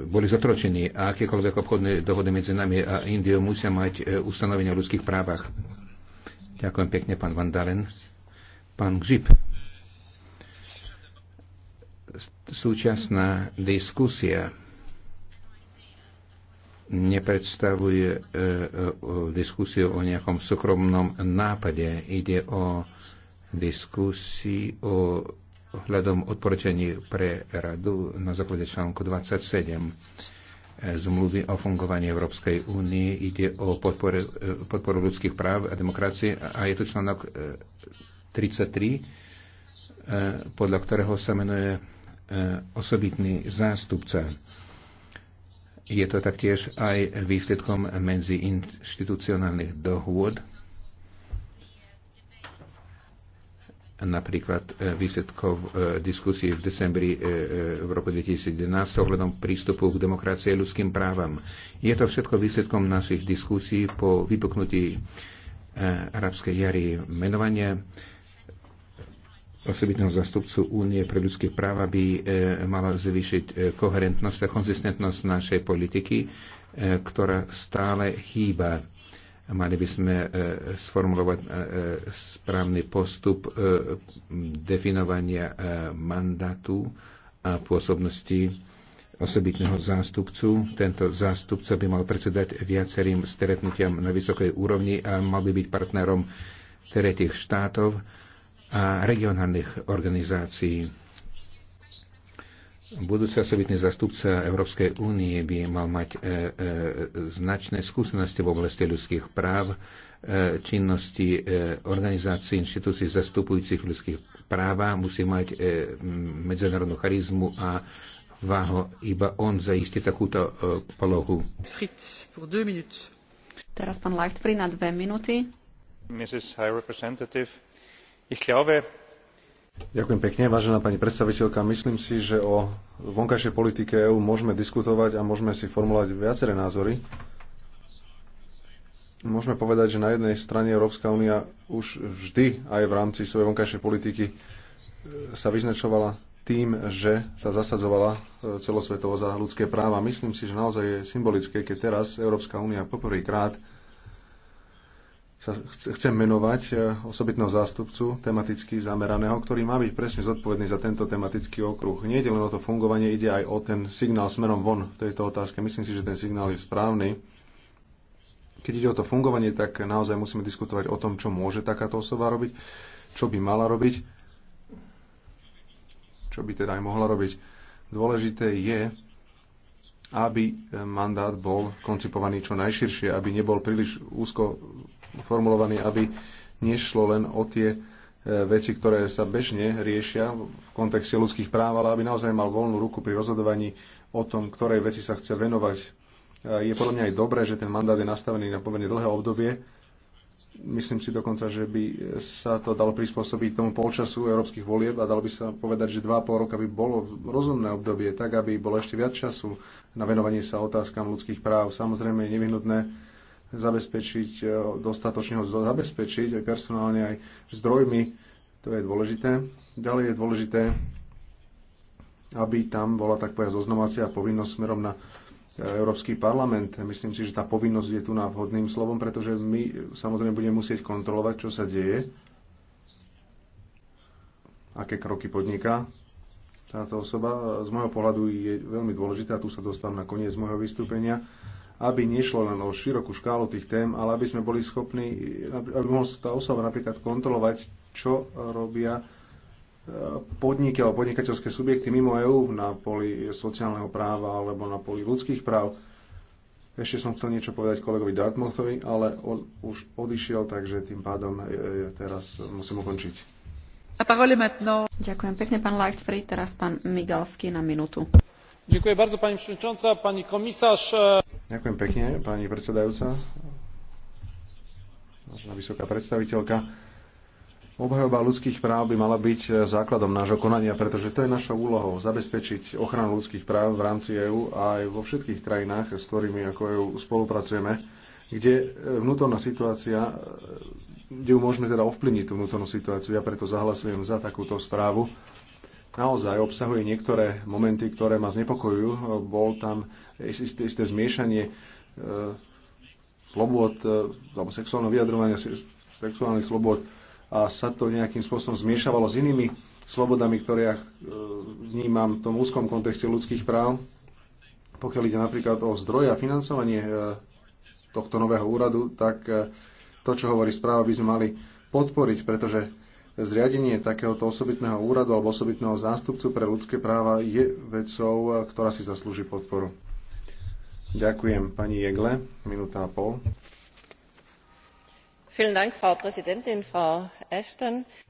boli zotročení a akékoľvek obchodné dohody medzi nami a Indiou musia mať ustanovenie o ľudských právach. Ďakujem pekne, pán Van Dalen. Pán Gžip. Súčasná diskusia nepredstavuje diskusiu o nejakom súkromnom nápade. Ide o diskusii o ohľadom odporčení pre radu na základe článku 27 e, zmluvy o fungovaní Európskej únie ide o podporu, e, podporu ľudských práv a demokracie a je to článok 33, e, podľa ktorého sa menuje osobitný zástupca. Je to taktiež aj výsledkom inštitucionálnych dohôd napríklad e, výsledkov e, diskusie v decembri e, v roku 2011 ohľadom prístupu k demokracii a ľudským právam. Je to všetko výsledkom našich diskusí po vypuknutí arabskej jary menovania osobitného zastupcu Únie pre ľudské práva by mala zvýšiť koherentnosť a konzistentnosť našej politiky, ktorá stále chýba Mali by sme e, sformulovať e, e, správny postup definovania mandátu a pôsobnosti osobitného zástupcu. Tento zástupca by mal predsedať viacerým stretnutiam na vysokej úrovni a mal by byť partnerom tretich štátov a regionálnych organizácií. Budúci osobitný zastupca Európskej únie by mal mať e, e, značné skúsenosti v oblasti ľudských práv, e, činnosti e, organizácií, inštitúcií zastupujúcich ľudských práv, musí mať e, medzinárodnú charizmu a váho. Iba on zaistí takúto e, polohu. Fritz, pour deux minutes. Teraz pán Leichtfried na dve minúty. Mrs. High Representative, ich glaube, Ďakujem pekne, vážená pani predstaviteľka. Myslím si, že o vonkajšej politike EÚ môžeme diskutovať a môžeme si formulovať viaceré názory. Môžeme povedať, že na jednej strane Európska únia už vždy aj v rámci svojej vonkajšej politiky e, sa vyznačovala tým, že sa zasadzovala e, celosvetovo za ľudské práva. Myslím si, že naozaj je symbolické, keď teraz Európska únia poprvýkrát sa chcem menovať e, osobitného zástupcu tematicky zameraného, ktorý má byť presne zodpovedný za tento tematický okruh. Nie ide len o to fungovanie, ide aj o ten signál smerom von v tejto otázke. Myslím si, že ten signál je správny. Keď ide o to fungovanie, tak naozaj musíme diskutovať o tom, čo môže takáto osoba robiť, čo by mala robiť, čo by teda aj mohla robiť. Dôležité je, aby mandát bol koncipovaný čo najširšie, aby nebol príliš úzko formulovaný, aby nešlo len o tie e, veci, ktoré sa bežne riešia v kontexte ľudských práv, ale aby naozaj mal voľnú ruku pri rozhodovaní o tom, ktorej veci sa chce venovať. E, je podľa mňa aj dobré, že ten mandát je nastavený na pomerne dlhé obdobie. Myslím si dokonca, že by sa to dalo prispôsobiť tomu polčasu európskych volieb a dalo by sa povedať, že 2,5 roka by bolo rozumné obdobie, tak aby bolo ešte viac času na venovanie sa otázkam ľudských práv. Samozrejme je nevyhnutné zabezpečiť, e, dostatočne ho zabezpečiť aj personálne, aj zdrojmi. To je dôležité. Ďalej je dôležité, aby tam bola tak povedať zoznamovacia povinnosť smerom na e, Európsky parlament. Myslím si, že tá povinnosť je tu na vhodným slovom, pretože my e, samozrejme budeme musieť kontrolovať, čo sa deje, aké kroky podniká táto osoba. Z môjho pohľadu je veľmi dôležité a tu sa dostávam na koniec môjho vystúpenia, aby nešlo len o širokú škálu tých tém, ale aby sme boli schopní, aby mohla tá osoba napríklad kontrolovať, čo robia e, podniky alebo podnikateľské subjekty mimo EÚ na poli sociálneho práva alebo na poli ľudských práv. Ešte som chcel niečo povedať kolegovi Dartmouthovi, ale on už odišiel, takže tým pádom je, e, teraz musím ukončiť. No. Ďakujem pekne, pán Lightfree. Teraz pán Migalsky na minútu. Ďakujem bardzo, pani przewodnicząca, pani komisarz. E, Ďakujem pekne, pani predsedajúca, vážená vysoká predstaviteľka. Obhajoba ľudských práv by mala byť základom nášho konania, pretože to je našou úlohou zabezpečiť ochranu ľudských práv v rámci EÚ a aj vo všetkých krajinách, s ktorými ako EÚ spolupracujeme, kde vnútorná situácia, kde ju môžeme teda ovplyvniť tú vnútornú situáciu. Ja preto zahlasujem za takúto správu naozaj obsahuje niektoré momenty, ktoré ma znepokojujú. Bol tam isté, isté zmiešanie e, slobod, e, alebo sexuálne vyjadrovania sexuálnych slobod a sa to nejakým spôsobom zmiešavalo s inými slobodami, ktoré ja e, vnímam v tom úzkom kontexte ľudských práv. Pokiaľ ide napríklad o zdroje a financovanie tohto nového úradu, tak to, čo hovorí správa, by sme mali podporiť, pretože Zriadenie takéhoto osobitného úradu alebo osobitného zástupcu pre ľudské práva je vecou, ktorá si zaslúži podporu. Ďakujem pani Jegle, minúta a pol.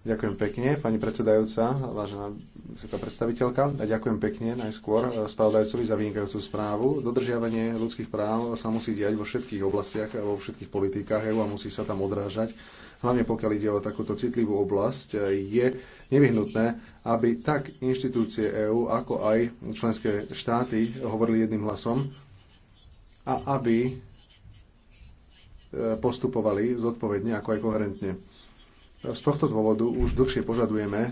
Ďakujem pekne, pani predsedajúca, vážená vysoká predstaviteľka. A ďakujem pekne najskôr eh, spravodajcovi za vynikajúcu správu. Dodržiavanie ľudských práv sa musí diať vo všetkých oblastiach a vo všetkých politikách EU a musí sa tam odrážať hlavne pokiaľ ide o takúto citlivú oblasť, eh, je nevyhnutné, aby tak inštitúcie EÚ, ako aj členské štáty hovorili jedným hlasom a aby eh, postupovali zodpovedne, ako aj koherentne. Z tohto dôvodu už dlhšie požadujeme eh,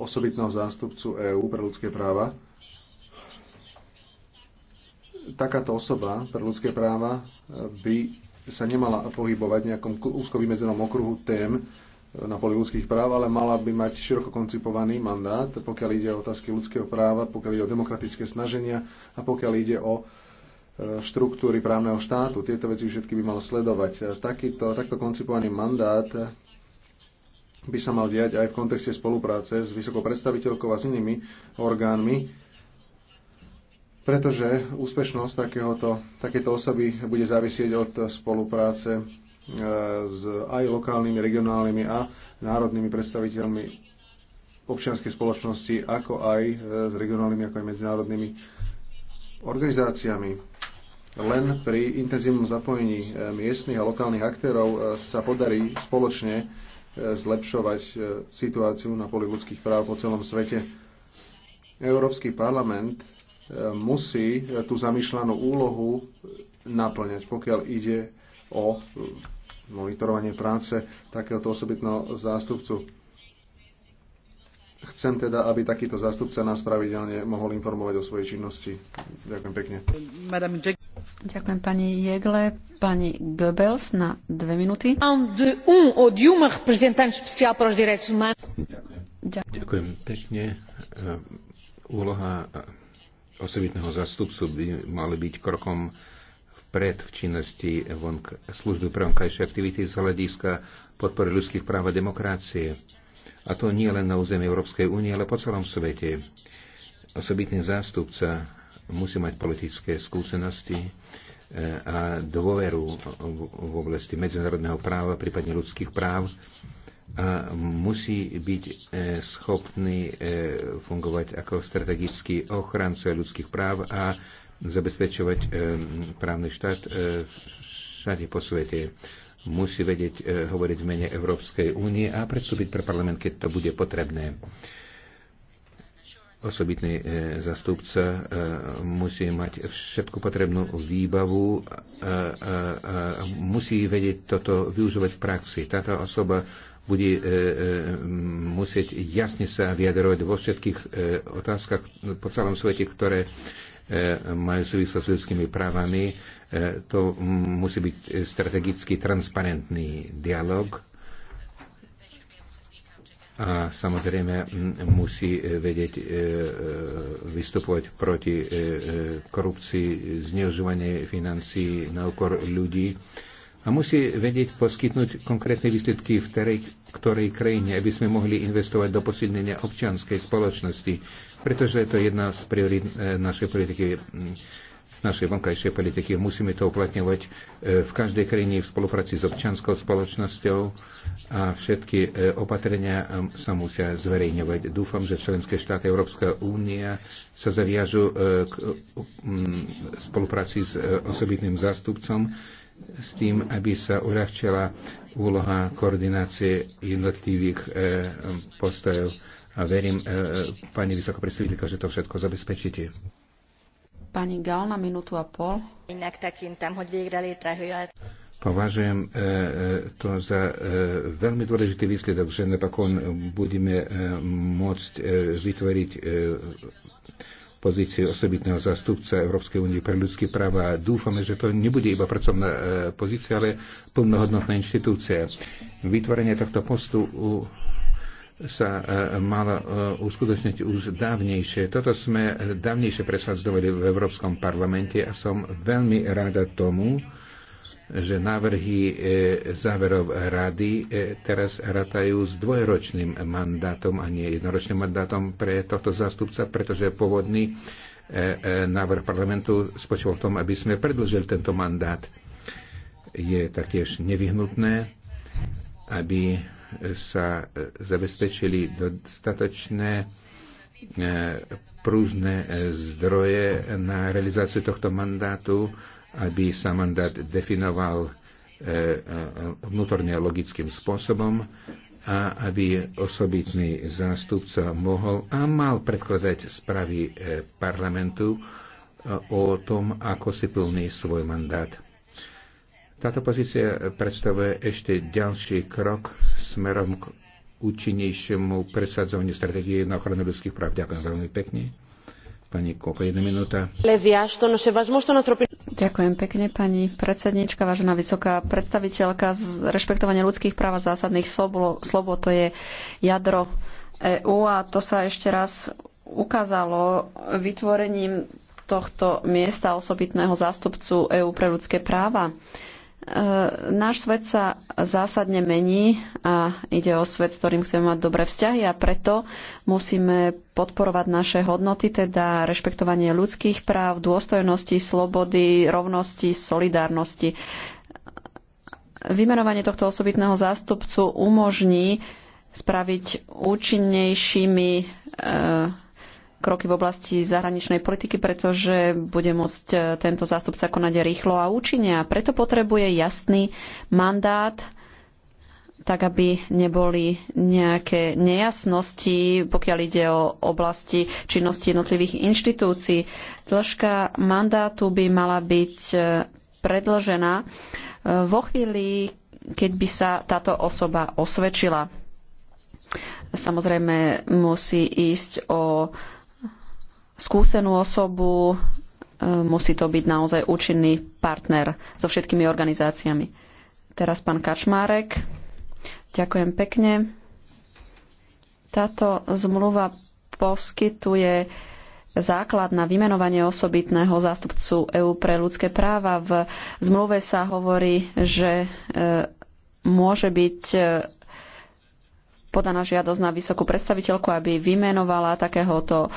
osobitného zástupcu EÚ pre ľudské práva. Takáto osoba pre ľudské práva by sa nemala pohybovať v nejakom úzko vymedzenom okruhu tém e, na poli ľudských práv, ale mala by mať široko koncipovaný mandát, pokiaľ ide o otázky ľudského práva, pokiaľ ide o demokratické snaženia a pokiaľ ide o e, štruktúry právneho štátu. Tieto veci všetky by mal sledovať. E, takýto, takto koncipovaný mandát by sa mal diať aj v kontexte spolupráce s vysokou predstaviteľkou a s inými orgánmi pretože úspešnosť takéhoto, takéto osoby bude závisieť od spolupráce e, s aj lokálnymi, regionálnymi a národnými predstaviteľmi občianskej spoločnosti, ako aj e, s regionálnymi, ako aj medzinárodnými organizáciami. Len pri intenzívnom zapojení e, miestnych a lokálnych aktérov sa podarí spoločne zlepšovať situáciu na poli ľudských práv po celom svete. Európsky parlament musí e, tú zamýšľanú úlohu naplňať, pokiaľ ide o e, monitorovanie práce takéhoto osobitného zástupcu. Chcem teda, aby takýto zástupca nás pravidelne mohol informovať o svojej činnosti. Ďakujem pekne. Ďakujem pani Jegle. Pani Goebbels na dve minúty. Ďakujem. pekne. E, úloha osobitného zastupcu by mali byť krokom vpred v činnosti vonk- služby pre vonkajšie aktivity z hľadiska podpory ľudských práv a demokracie. A to nie len na území Európskej únie, ale po celom svete. Osobitný zástupca musí mať politické skúsenosti e, a dôveru v oblasti medzinárodného práva, prípadne ľudských práv a musí byť e, schopný e, fungovať ako strategický ochranca ľudských práv a zabezpečovať e, právny štát všade po svete. Musí vedieť hovoriť v mene Európskej únie a predstúpiť pre parlament, keď to bude potrebné. Osobitný zastupca musí mať všetku potrebnú výbavu a musí vedieť toto využívať v praxi. Táto osoba bude e, e, musieť jasne sa vyjadrovať vo všetkých e, otázkach po celom svete, ktoré majú súvislosť s ľudskými právami. To musí byť strategicky transparentný dialog a samozrejme musí vedieť vystupovať proti korupcii, zneužívanie financií na okor ľudí a musí vedieť poskytnúť konkrétne výsledky v terej, ktorej krajine, aby sme mohli investovať do posilnenia občianskej spoločnosti, pretože to je jedna z priorít e, našej politiky mm, našej vonkajšej politiky. Musíme to uplatňovať e, v každej krajine v spolupráci s občianskou spoločnosťou a všetky e, opatrenia sa musia zverejňovať. Dúfam, že členské štáty Európska únia sa zaviažu k mm, spolupráci s osobitným zástupcom s tým, aby sa uľahčila úloha koordinácie jednotlivých eh, postojov. A verím, eh, pani vysoká predstaviteľka, že to všetko zabezpečíte. Pani Gal na minútu a pol. Inak takým tam Považujem eh, to za veľmi dôležitý výsledok, že napokon budeme môcť vytvoriť pozícii osobitného zastupca Európskej únie pre ľudské práva. Dúfame, že to nebude iba pracovná e, pozícia, ale plnohodnotná inštitúcia. Vytvorenie tohto postu sa e, mala e, uskutočniť už dávnejšie. Toto sme dávnejšie presadzovali v Európskom parlamente a som veľmi rada tomu, že návrhy e, záverov rady e, teraz ratajú s dvojročným mandátom a nie jednoročným mandátom pre tohto zástupca, pretože pôvodný e, návrh parlamentu spočíval v tom, aby sme predlžili tento mandát. Je taktiež nevyhnutné, aby sa zabezpečili dostatočné prúžne zdroje na realizáciu tohto mandátu aby sa mandát definoval e, e, vnútorne logickým spôsobom a aby osobitný zástupca mohol a mal predkladať správy e, parlamentu o tom, ako si plní svoj mandát. Táto pozícia predstavuje ešte ďalší krok smerom k účinnejšiemu presadzovaniu stratégie na ochranu ľudských práv. Ďakujem veľmi pekne. Pani Kopa, jedna minúta. Ďakujem pekne, pani predsednička, vážená vysoká predstaviteľka. Rešpektovanie ľudských práv a zásadných slobod to je jadro EÚ a to sa ešte raz ukázalo vytvorením tohto miesta osobitného zástupcu EÚ pre ľudské práva. Ehm, náš svet sa zásadne mení a ide o svet, s ktorým chceme mať dobré vzťahy a preto musíme podporovať naše hodnoty, teda rešpektovanie ľudských práv, dôstojnosti, slobody, rovnosti, solidárnosti. Vymenovanie tohto osobitného zástupcu umožní spraviť účinnejšími e, kroky v oblasti zahraničnej politiky, pretože bude môcť e, tento zástupca konať rýchlo a účinne. A preto potrebuje jasný mandát, tak aby neboli nejaké nejasnosti, pokiaľ ide o oblasti činnosti jednotlivých inštitúcií. Dĺžka mandátu by mala byť e, predložená e, vo chvíli, keď by sa táto osoba osvedčila. Samozrejme musí ísť o skúsenú osobu, e, musí to byť naozaj účinný partner so všetkými organizáciami. Teraz pán Kačmárek. Ďakujem pekne. Táto zmluva poskytuje základ na vymenovanie osobitného zástupcu EÚ pre ľudské práva. V zmluve sa hovorí, že e, môže byť e, podaná žiadosť na vysokú predstaviteľku, aby vymenovala takéhoto e,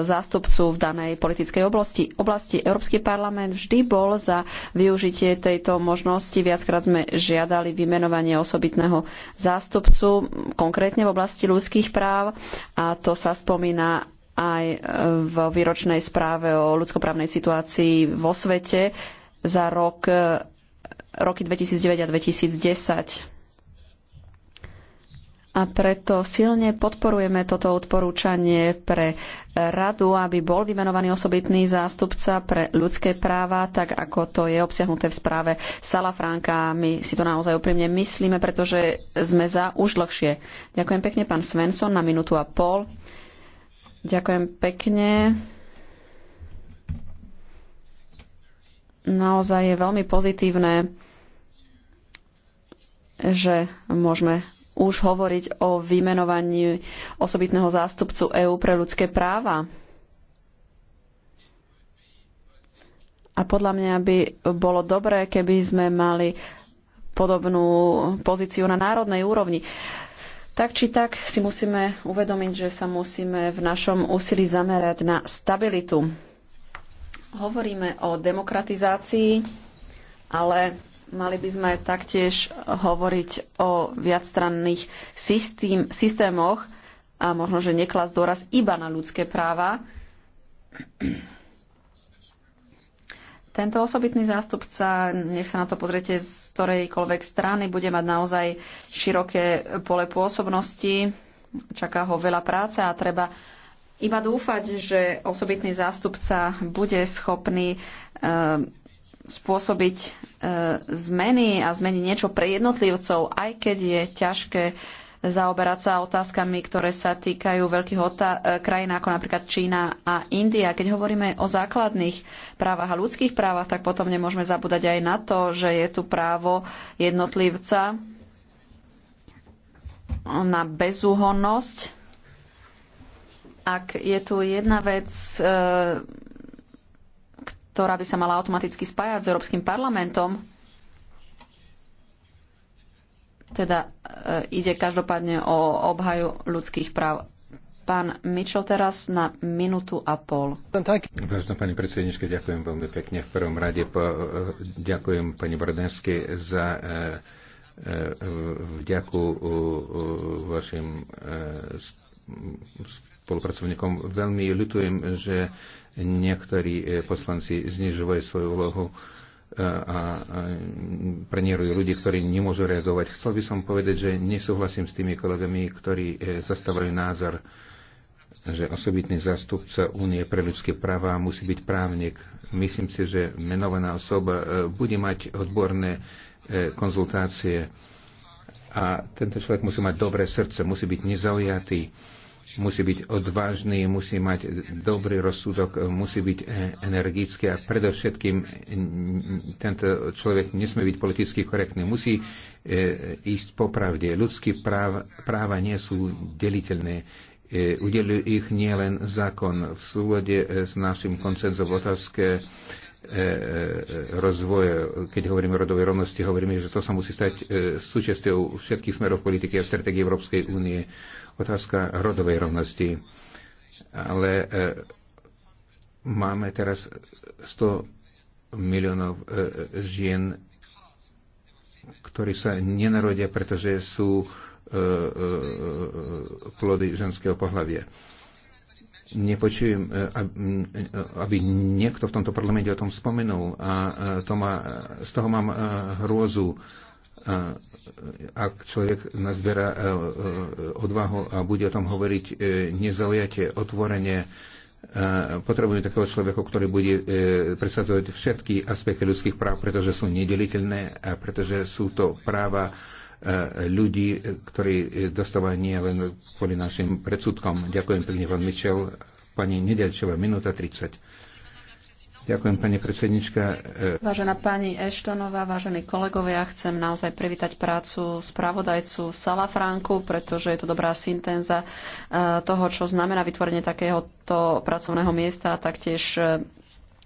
zástupcu v danej politickej oblasti. oblasti. Európsky parlament vždy bol za využitie tejto možnosti. Viackrát sme žiadali vymenovanie osobitného zástupcu, konkrétne v oblasti ľudských práv a to sa spomína aj e, v výročnej správe o ľudskoprávnej situácii vo svete za rok, e, roky 2009 a 2010 a preto silne podporujeme toto odporúčanie pre radu, aby bol vymenovaný osobitný zástupca pre ľudské práva, tak ako to je obsiahnuté v správe Sala Franka. My si to naozaj úprimne myslíme, pretože sme za už dlhšie. Ďakujem pekne, pán Svensson, na minútu a pol. Ďakujem pekne. Naozaj je veľmi pozitívne, že môžeme už hovoriť o vymenovaní osobitného zástupcu EÚ pre ľudské práva. A podľa mňa by bolo dobré, keby sme mali podobnú pozíciu na národnej úrovni. Tak či tak si musíme uvedomiť, že sa musíme v našom úsilí zamerať na stabilitu. Hovoríme o demokratizácii, ale Mali by sme taktiež hovoriť o viacstranných systém, systémoch a možno, že neklas dôraz iba na ľudské práva. Tento osobitný zástupca, nech sa na to pozriete z ktorejkoľvek strany, bude mať naozaj široké pole pôsobnosti, čaká ho veľa práce a treba iba dúfať, že osobitný zástupca bude schopný e, spôsobiť E, zmeny a zmeniť niečo pre jednotlivcov, aj keď je ťažké zaoberať sa otázkami, ktoré sa týkajú veľkých e, krajín ako napríklad Čína a India. Keď hovoríme o základných právach a ľudských právach, tak potom nemôžeme zabúdať aj na to, že je tu právo jednotlivca na bezúhonnosť. Ak je tu jedna vec, e ktorá by sa mala automaticky spájať s Európskym parlamentom. Teda e, ide každopádne o obhaju ľudských práv. Pán Mitchell teraz na minútu a pol. Vážna pani predsedničke, ďakujem veľmi pekne. V prvom rade po, e, ďakujem pani Bordenskej za e, vďaku vašim spolupracovníkom. Veľmi ľutujem, že niektorí e, poslanci znižujú svoju úlohu e, a prenierujú ľudí, ktorí nemôžu reagovať. Chcel by som povedať, že nesúhlasím s tými kolegami, ktorí e, zastávajú názor, že osobitný zástupca Únie pre ľudské práva musí byť právnik. Myslím si, že menovaná osoba bude mať odborné konzultácie a tento človek musí mať dobré srdce, musí byť nezaujatý musí byť odvážny, musí mať dobrý rozsudok, musí byť e, energický a predovšetkým tento človek nesmie byť politicky korektný. Musí e, ísť po pravde. Ľudské práv, práva nie sú deliteľné. E, Udeľujú ich nielen zákon v súvode s našim koncenzom v otázke E, e, rozvoja. Keď hovoríme o rodovej rovnosti, hovoríme, že to sa musí stať e, súčasťou všetkých smerov politiky a stratégie Európskej únie. Otázka rodovej rovnosti. Ale máme teraz 100 miliónov žien, ktorí sa nenarodia, pretože sú plody ženského pohľavia nepočujem, e, e, aby niekto v tomto parlamente o tom spomenul a e, to má, z toho mám hrôzu. Ak človek nazbiera odvahu a bude o tom hovoriť nezaujate, otvorene, potrebujeme takého človeka, ktorý bude presadzovať všetky aspekty ľudských práv, pretože sú nedeliteľné a pretože sú to práva E, ľudí, ktorí dostávajú nie len kvôli našim predsudkom. Ďakujem pekne, pán Mičel. Pani Nedelčová, minúta 30. Ďakujem, pani predsednička. E, Vážená pani Eštonová, vážení kolegovia, chcem naozaj privítať prácu spravodajcu Salafranku, pretože je to dobrá syntenza e, toho, čo znamená vytvorenie takéhoto pracovného miesta a taktiež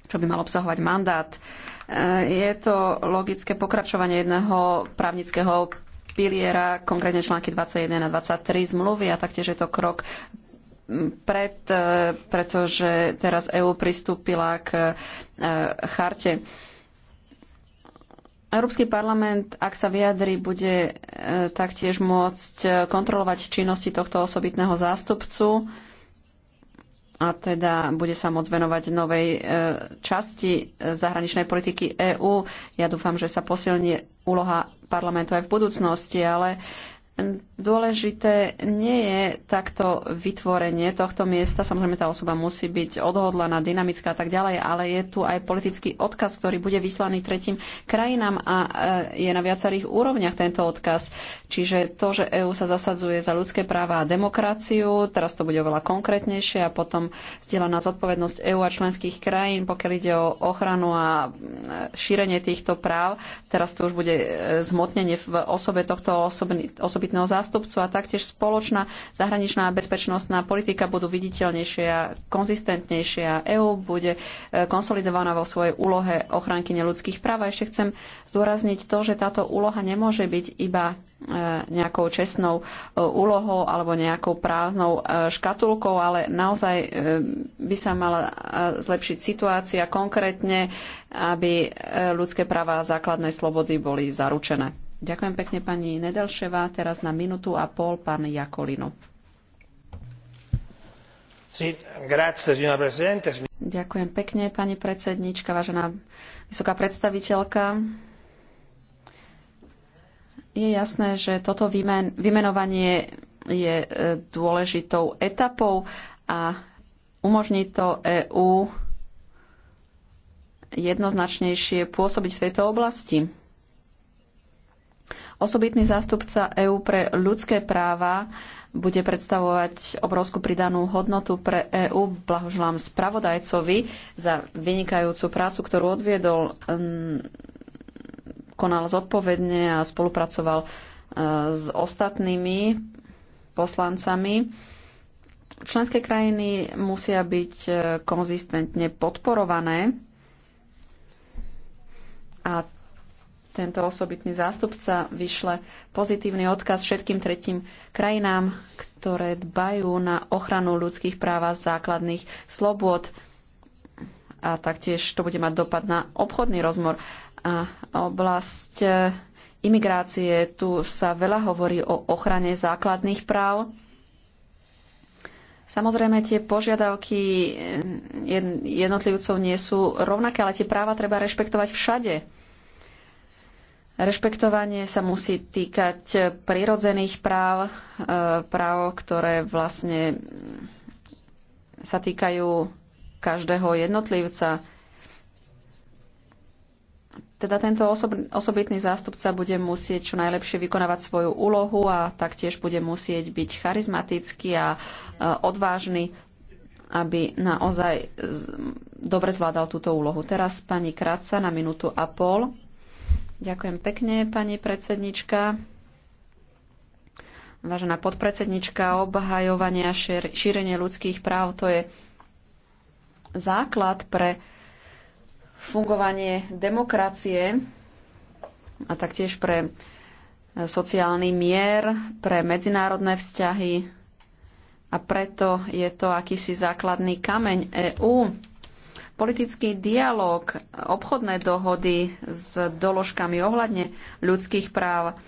čo by mal obsahovať mandát. Je to logické pokračovanie jedného právnického piliera, konkrétne články 21 a 23 zmluvy a taktiež je to krok pred, e, pretože teraz EÚ pristúpila k e, charte. Európsky parlament, ak sa vyjadri, bude e, taktiež môcť kontrolovať činnosti tohto osobitného zástupcu a teda bude sa môcť venovať novej časti zahraničnej politiky EÚ. Ja dúfam, že sa posilní úloha parlamentu aj v budúcnosti, ale Dôležité nie je takto vytvorenie tohto miesta. Samozrejme, tá osoba musí byť odhodlaná, dynamická a tak ďalej, ale je tu aj politický odkaz, ktorý bude vyslaný tretím krajinám a e, je na viacerých úrovniach tento odkaz. Čiže to, že EÚ sa zasadzuje za ľudské práva a demokraciu, teraz to bude oveľa konkrétnejšie a potom zdieľaná zodpovednosť EÚ a členských krajín, pokiaľ ide o ochranu a e, šírenie týchto práv. Teraz to už bude e, zmotnenie v osobe tohto osoby, osoby osobitného zástupcu a taktiež spoločná zahraničná a bezpečnostná politika budú viditeľnejšie a konzistentnejšie a EÚ bude e, konsolidovaná vo svojej úlohe ochranky ľudských práv. A ešte chcem zdôrazniť to, že táto úloha nemôže byť iba e, nejakou čestnou e, úlohou alebo nejakou prázdnou škatulkou, ale naozaj by sa mala zlepšiť situácia konkrétne, aby ľudské práva a základné slobody boli zaručené. Ďakujem pekne pani Nedelševa. Teraz na minútu a pol pán Jakolino. Ďakujem pekne, pani predsednička, vážená vysoká predstaviteľka. Je jasné, že toto vymen- vymenovanie je e, dôležitou etapou a umožní to EÚ jednoznačnejšie pôsobiť v tejto oblasti. Osobitný zástupca EÚ pre ľudské práva bude predstavovať obrovskú pridanú hodnotu pre EÚ. Blahoželám spravodajcovi za vynikajúcu prácu, ktorú odviedol, konal zodpovedne a spolupracoval eh, s ostatnými poslancami. Členské krajiny musia byť eh, konzistentne podporované a tento osobitný zástupca vyšle pozitívny odkaz všetkým tretím krajinám, ktoré dbajú na ochranu ľudských práv a základných slobôd. A taktiež to bude mať dopad na obchodný rozmor. A oblasť e, imigrácie, tu sa veľa hovorí o ochrane základných práv. Samozrejme, tie požiadavky e, jednotlivcov nie sú rovnaké, ale tie práva treba rešpektovať všade Rešpektovanie sa musí týkať prirodzených práv, e, práv, ktoré vlastne sa týkajú každého jednotlivca. Teda tento osob, osobitný zástupca bude musieť čo najlepšie vykonávať svoju úlohu a taktiež bude musieť byť charizmatický a e, odvážny, aby naozaj dobre zvládal túto úlohu. Teraz pani Kráca na minútu a pol. Ďakujem pekne, pani predsednička. Vážená podpredsednička, obhajovanie a šírenie ľudských práv to je základ pre fungovanie demokracie a taktiež pre sociálny mier, pre medzinárodné vzťahy a preto je to akýsi základný kameň EÚ. Politický dialog, obchodné dohody s doložkami ohľadne ľudských práv,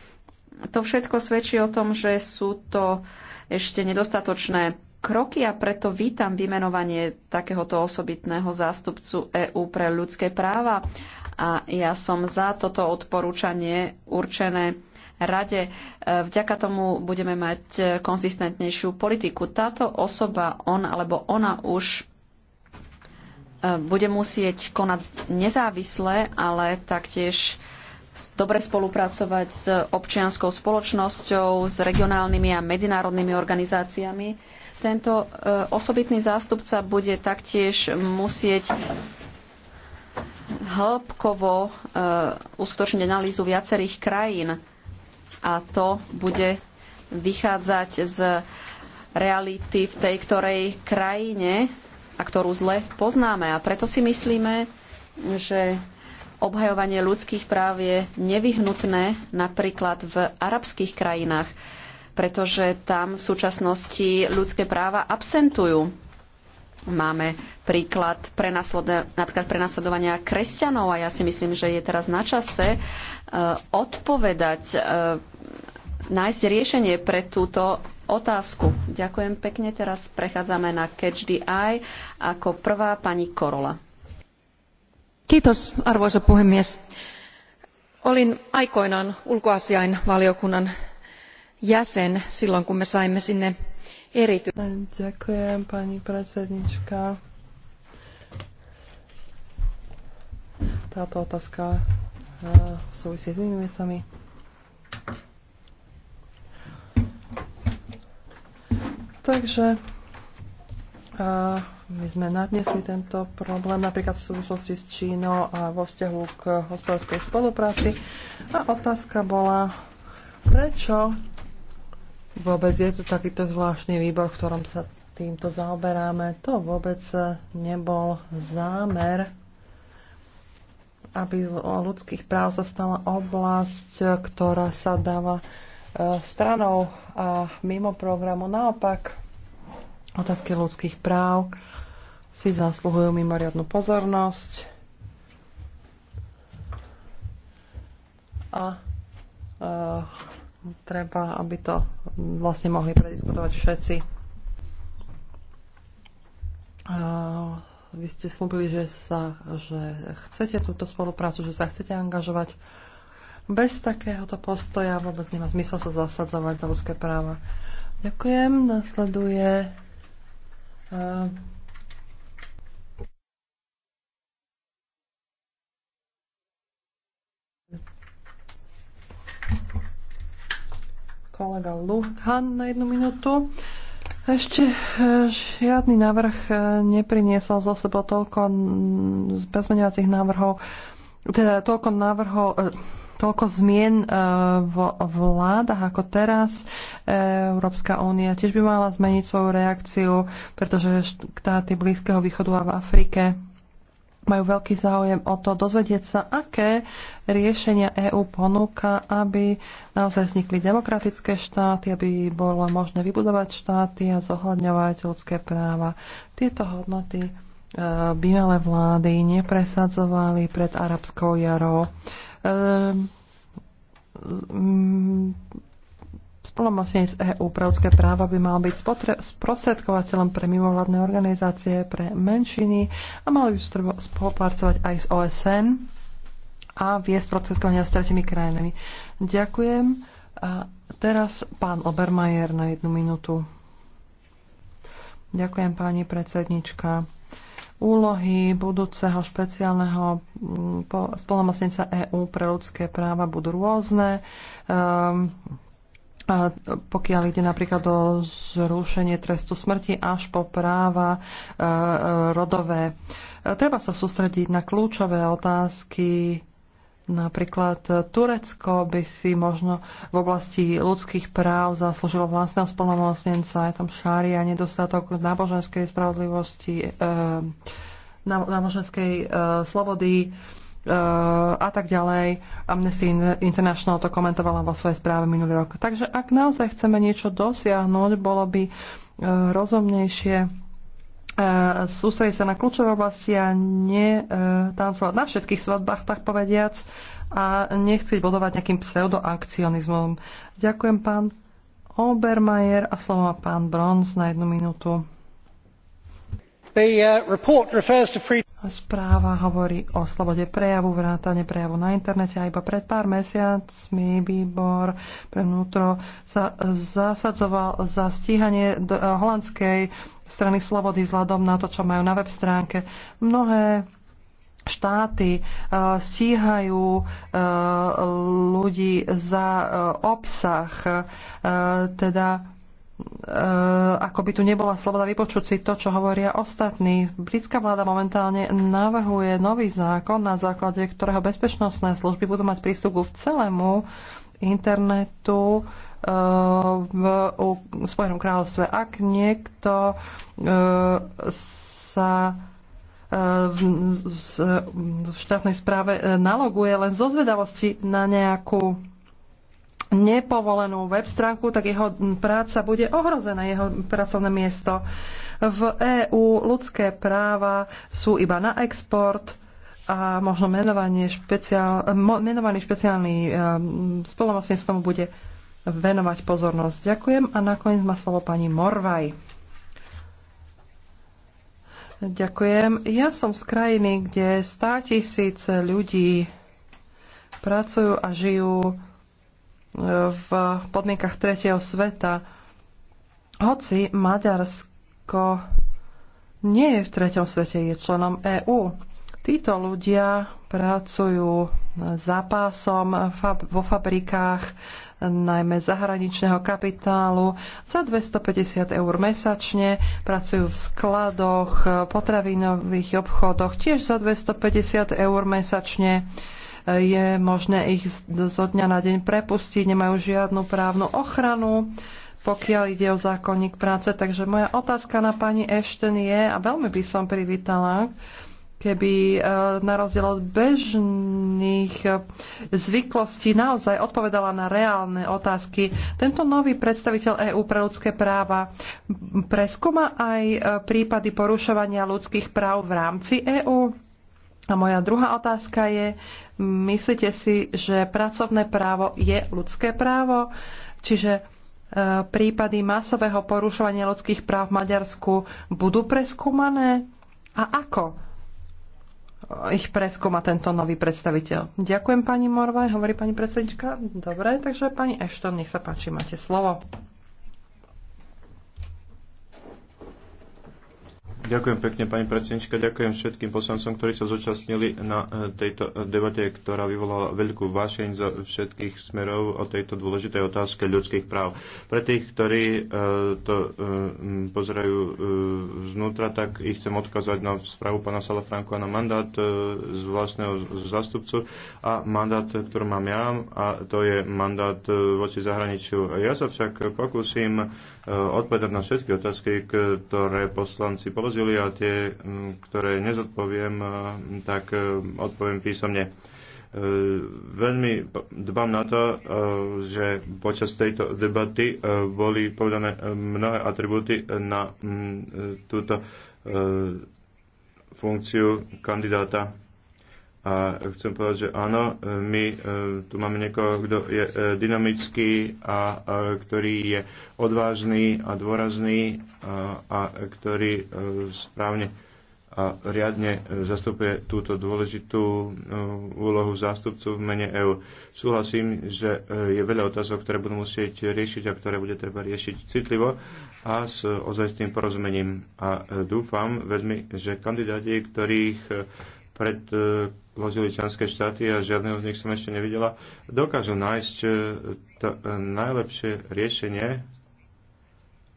to všetko svedčí o tom, že sú to ešte nedostatočné kroky a preto vítam vymenovanie takéhoto osobitného zástupcu EÚ pre ľudské práva. A ja som za toto odporúčanie určené rade. E, vďaka tomu budeme mať e, konzistentnejšiu politiku. Táto osoba, on alebo ona už bude musieť konať nezávisle, ale taktiež dobre spolupracovať s občianskou spoločnosťou, s regionálnymi a medzinárodnými organizáciami. Tento e, osobitný zástupca bude taktiež musieť hĺbkovo e, uskutočniť analýzu viacerých krajín a to bude vychádzať z reality v tej ktorej krajine a ktorú zle poznáme. A preto si myslíme, že obhajovanie ľudských práv je nevyhnutné napríklad v arabských krajinách, pretože tam v súčasnosti ľudské práva absentujú. Máme príklad napríklad prenasledovania kresťanov a ja si myslím, že je teraz na čase eh, odpovedať eh, nájsť riešenie pre túto otázku. Ďakujem pekne. Teraz prechádzame na Catch the Eye. Ako prvá pani Korola. Kiitos, arvoisa puhemies. Olin aikoinaan ulkoasiain valiokunnan jäsen silloin, kun me saimme sinne erity... Ďakujem, pani predsednička. Táto otázka eh, súvisí s inými vecami. Takže a my sme nadnesli tento problém napríklad v súvislosti s Čínou a vo vzťahu k hospodárskej spolupráci. A otázka bola, prečo vôbec je tu takýto zvláštny výbor, v ktorom sa týmto zaoberáme. To vôbec nebol zámer, aby o ľudských práv sa stala oblasť, ktorá sa dáva e, stranou a mimo programu. Naopak, otázky ľudských práv si zasluhujú mimoriadnu pozornosť. A uh, treba, aby to vlastne mohli prediskutovať všetci. Uh, vy ste slúbili, že, sa, že chcete túto spoluprácu, že sa chcete angažovať. Bez takéhoto postoja vôbec nemá zmysel sa zasadzovať za ľudské práva. Ďakujem. Nasleduje Ehm, kolega Luhan na jednu minútu. Ešte eh, žiadny návrh eh, nepriniesol zo sebou toľko bezmeniacich návrhov, teda toľko návrhov, eh, toľko zmien e, vo vládach ako teraz. E, Európska únia tiež by mala zmeniť svoju reakciu, pretože štáty Blízkeho východu a v Afrike majú veľký záujem o to dozvedieť sa, aké riešenia EÚ ponúka, aby naozaj vznikli demokratické štáty, aby bolo možné vybudovať štáty a zohľadňovať ľudské práva. Tieto hodnoty E, bývalé vlády nepresadzovali pred arabskou jarou. vlastne z EU pre ľudské práva by mal byť sprostredkovateľom pre mimovládne organizácie, pre menšiny a mal by spolupracovať aj s OSN a viesť proceskovania s tretimi krajinami. Ďakujem. A teraz pán Obermajer na jednu minútu. Ďakujem, pani predsednička. Úlohy budúceho špeciálneho mm, spolomocnica EÚ pre ľudské práva budú rôzne. Um, a pokiaľ ide napríklad o zrušenie trestu smrti až po práva e, e, rodové. E, treba sa sústrediť na kľúčové otázky Napríklad e, Turecko by si možno v oblasti ľudských práv zaslúžilo vlastného spolnomocnenca, je tam šária, nedostatok náboženskej spravodlivosti, e, náboženskej e, slobody e, a tak ďalej. Amnesty International to komentovala vo svojej správe minulý rok. Takže ak naozaj chceme niečo dosiahnuť, bolo by e, rozumnejšie E, sústrediť sa na kľúčové oblasti a netancovať e, na všetkých svadbách, tak povediac, a nechcieť bodovať nejakým pseudoakcionizmom. Ďakujem pán Obermajer a slovo má pán Bronz na jednu minútu. Uh, správa hovorí o slobode prejavu, vrátane prejavu na internete a iba pred pár mesiacmi výbor pre vnútro sa zasadzoval za stíhanie eh, holandskej strany Slobody vzhľadom na to, čo majú na web stránke. Mnohé štáty e, stíhajú e, ľudí za e, obsah, teda ako by tu nebola sloboda vypočuť si to, čo hovoria ostatní. Britská vláda momentálne navrhuje nový zákon, na základe ktorého bezpečnostné služby budú mať prístup k celému internetu, v Spojenom kráľovstve. Ak niekto e, sa e, v štátnej správe e, naloguje len zo zvedavosti na nejakú nepovolenú web stránku, tak jeho práca bude ohrozená, jeho pracovné miesto. V EÚ ľudské práva sú iba na export a možno menovanie špeciál, menovaný špeciálny spolomocnec tomu bude venovať pozornosť. Ďakujem a nakoniec má slovo pani Morvaj. Ďakujem. Ja som z krajiny, kde 100 tisíc ľudí pracujú a žijú e, v podmienkach tretieho sveta. Hoci Maďarsko nie je v treťom svete, je členom EÚ. Títo ľudia pracujú za pásom vo fabrikách, najmä zahraničného kapitálu. Za 250 eur mesačne pracujú v skladoch, potravinových obchodoch, tiež za 250 eur mesačne je možné ich zo dňa na deň prepustiť, nemajú žiadnu právnu ochranu, pokiaľ ide o zákonník práce. Takže moja otázka na pani Ešten je, a veľmi by som privítala, keby eh, na rozdiel od bežných eh, zvyklostí naozaj odpovedala na reálne otázky. Tento nový predstaviteľ EÚ pre ľudské práva preskúma aj eh, prípady porušovania ľudských práv v rámci EÚ. A moja druhá otázka je, myslíte si, že pracovné právo je ľudské právo? Čiže prípady masového porušovania ľudských práv v Maďarsku budú preskúmané? A ako? ich preskúma tento nový predstaviteľ. Ďakujem pani Morvaj, hovorí pani predsednička. Dobre, takže pani Ešton, nech sa páči, máte slovo. Ďakujem pekne, pani predsednička. Ďakujem všetkým poslancom, ktorí sa zúčastnili na e, tejto e, debate, ktorá vyvolala veľkú vášeň za všetkých smerov o tejto dôležitej otázke ľudských práv. Pre tých, ktorí e, to pozerajú znútra, tak ich chcem odkázať na správu pána Salafranku a na mandát z vlastného zástupcu a mandát, ktorý mám ja, a to je mandát voči zahraničiu. Ja sa však pokúsim Eh, odpovedať na všetky otázky, ktoré poslanci položili a tie, mm, ktoré nezodpoviem, eh, tak eh, odpoviem písomne veľmi dbám na to, že počas tejto debaty boli povedané mnohé atribúty na mm, túto funkciu kandidáta a chcem povedať, že áno, my e, tu máme niekoho, kto je e, dynamický a e, ktorý je odvážny a dôrazný a, a ktorý správne a riadne zastupuje túto dôležitú úlohu zástupcu v mene EÚ. Súhlasím, že je veľa otázok, ktoré budú musieť riešiť a ktoré bude treba riešiť citlivo a s ozajstným porozumením. A dúfam veľmi, že kandidáti, ktorých pred vložili členské štáty a žiadneho z nich som ešte nevidela, dokážu nájsť e, to e, najlepšie riešenie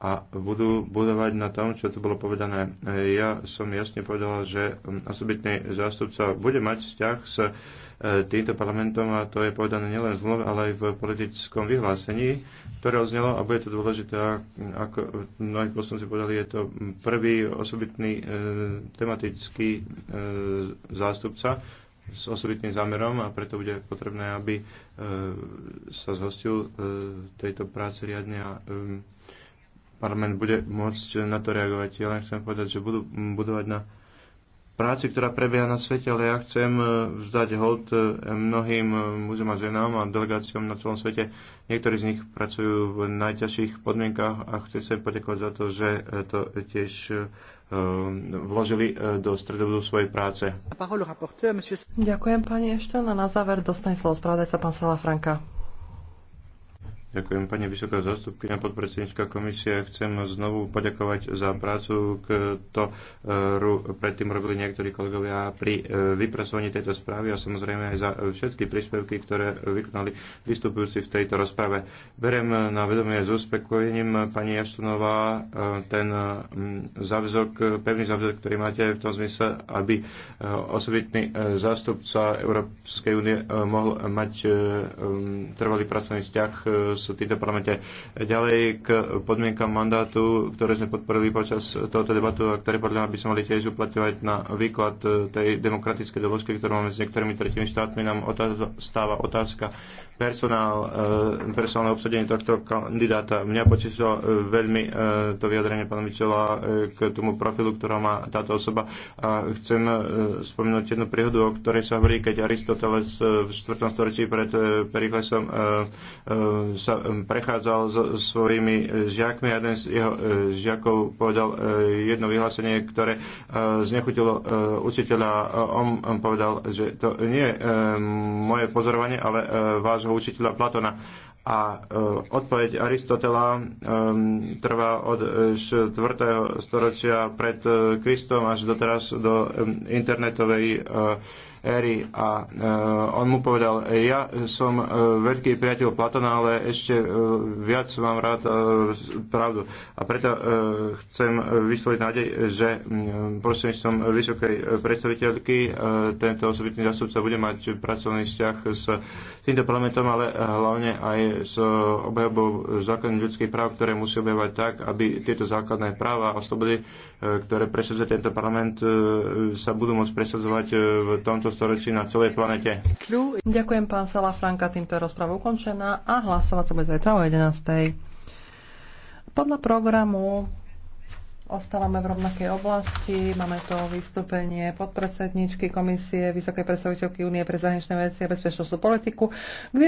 a budú budovať na tom, čo tu bolo povedané. E, ja som jasne povedala, že osobitný zástupca bude mať vzťah s týmto parlamentom a to je povedané nielen v zmluve, ale aj v politickom vyhlásení, ktoré oznelo a bude to dôležité, ako mnohí poslanci povedali, je to prvý osobitný tematický zástupca s osobitným zámerom a preto bude potrebné, aby e, sa zhostil e, tejto práce riadne a e, parlament bude môcť na to reagovať. Ja len chcem povedať, že budú budovať na práci, ktorá prebieha na svete, ale ja chcem vzdať hold mnohým mužom a ženám a delegáciám na celom svete. Niektorí z nich pracujú v najťažších podmienkach a chcem sa poďakovať za to, že to tiež Ehm, vložili e, do stredobodu svojej práce. Ďakujem pani Ešten a na záver dostane slovo spravodajca pán Sala Franka. Ďakujem pani vysoká zastupkynia podpredsednička komisie. Chcem znovu poďakovať za prácu, ktorú predtým robili niektorí kolegovia pri e, vypracovaní tejto správy a samozrejme aj za všetky príspevky, ktoré vykonali vystupujúci v tejto rozprave. Berem na vedomie s uspokojením pani Jaštunová e, ten mm, záväzok, pevný záväzok, ktorý máte v tom zmysle, aby e, osobitný zástupca Európskej únie mohol mať trvalý pracovný vzťah s sa týka parlamente. Ďalej k podmienkam mandátu, ktoré sme podporili počas tohoto debatu a ktoré podľa mňa by sme mali tiež uplatňovať na výklad e, tej demokratickej dovozky, ktorú máme s niektorými tretími štátmi, nám otáz- stáva otázka personál, e, personálne obsadenie tohto kandidáta. Mňa počíslo e, veľmi to vyjadrenie pána Mičela k tomu profilu, ktorá má táto osoba. A chcem spomenúť jednu príhodu, o ktorej sa hovorí, keď Aristoteles v 4. storočí pred Periklesom sa sa prechádzal so svojimi žiakmi a jeden z jeho e, žiakov povedal e, jedno vyhlásenie, ktoré e, znechutilo učiteľa. On povedal, že to nie je moje pozorovanie, ale vášho učiteľa Platona. A odpoveď Aristotela trvá od 4. storočia pred Kristom až doteraz do internetovej éry a e, on mu povedal, ja som e, veľký priateľ Platona, ale ešte e, viac mám rád pravdu. A preto chcem vysloviť nádej, že prosím som vysokej predstaviteľky tento osobitný zastupca bude mať pracovný vzťah s týmto parlamentom, ale hlavne aj s obhajobou základných ľudských práv, ktoré musí objavať tak, aby tieto základné práva a slobody, ktoré presadzuje tento parlament, sa budú môcť presadzovať v tomto storočí na celej planete. Ďakujem pán Sala Franka, týmto je rozpráva ukončená a hlasovať sa bude zajtra o 11. Podľa programu ostávame v rovnakej oblasti. Máme to vystúpenie podpredsedničky Komisie Vysokej predstaviteľky Únie pre zahraničné veci a bezpečnostnú politiku,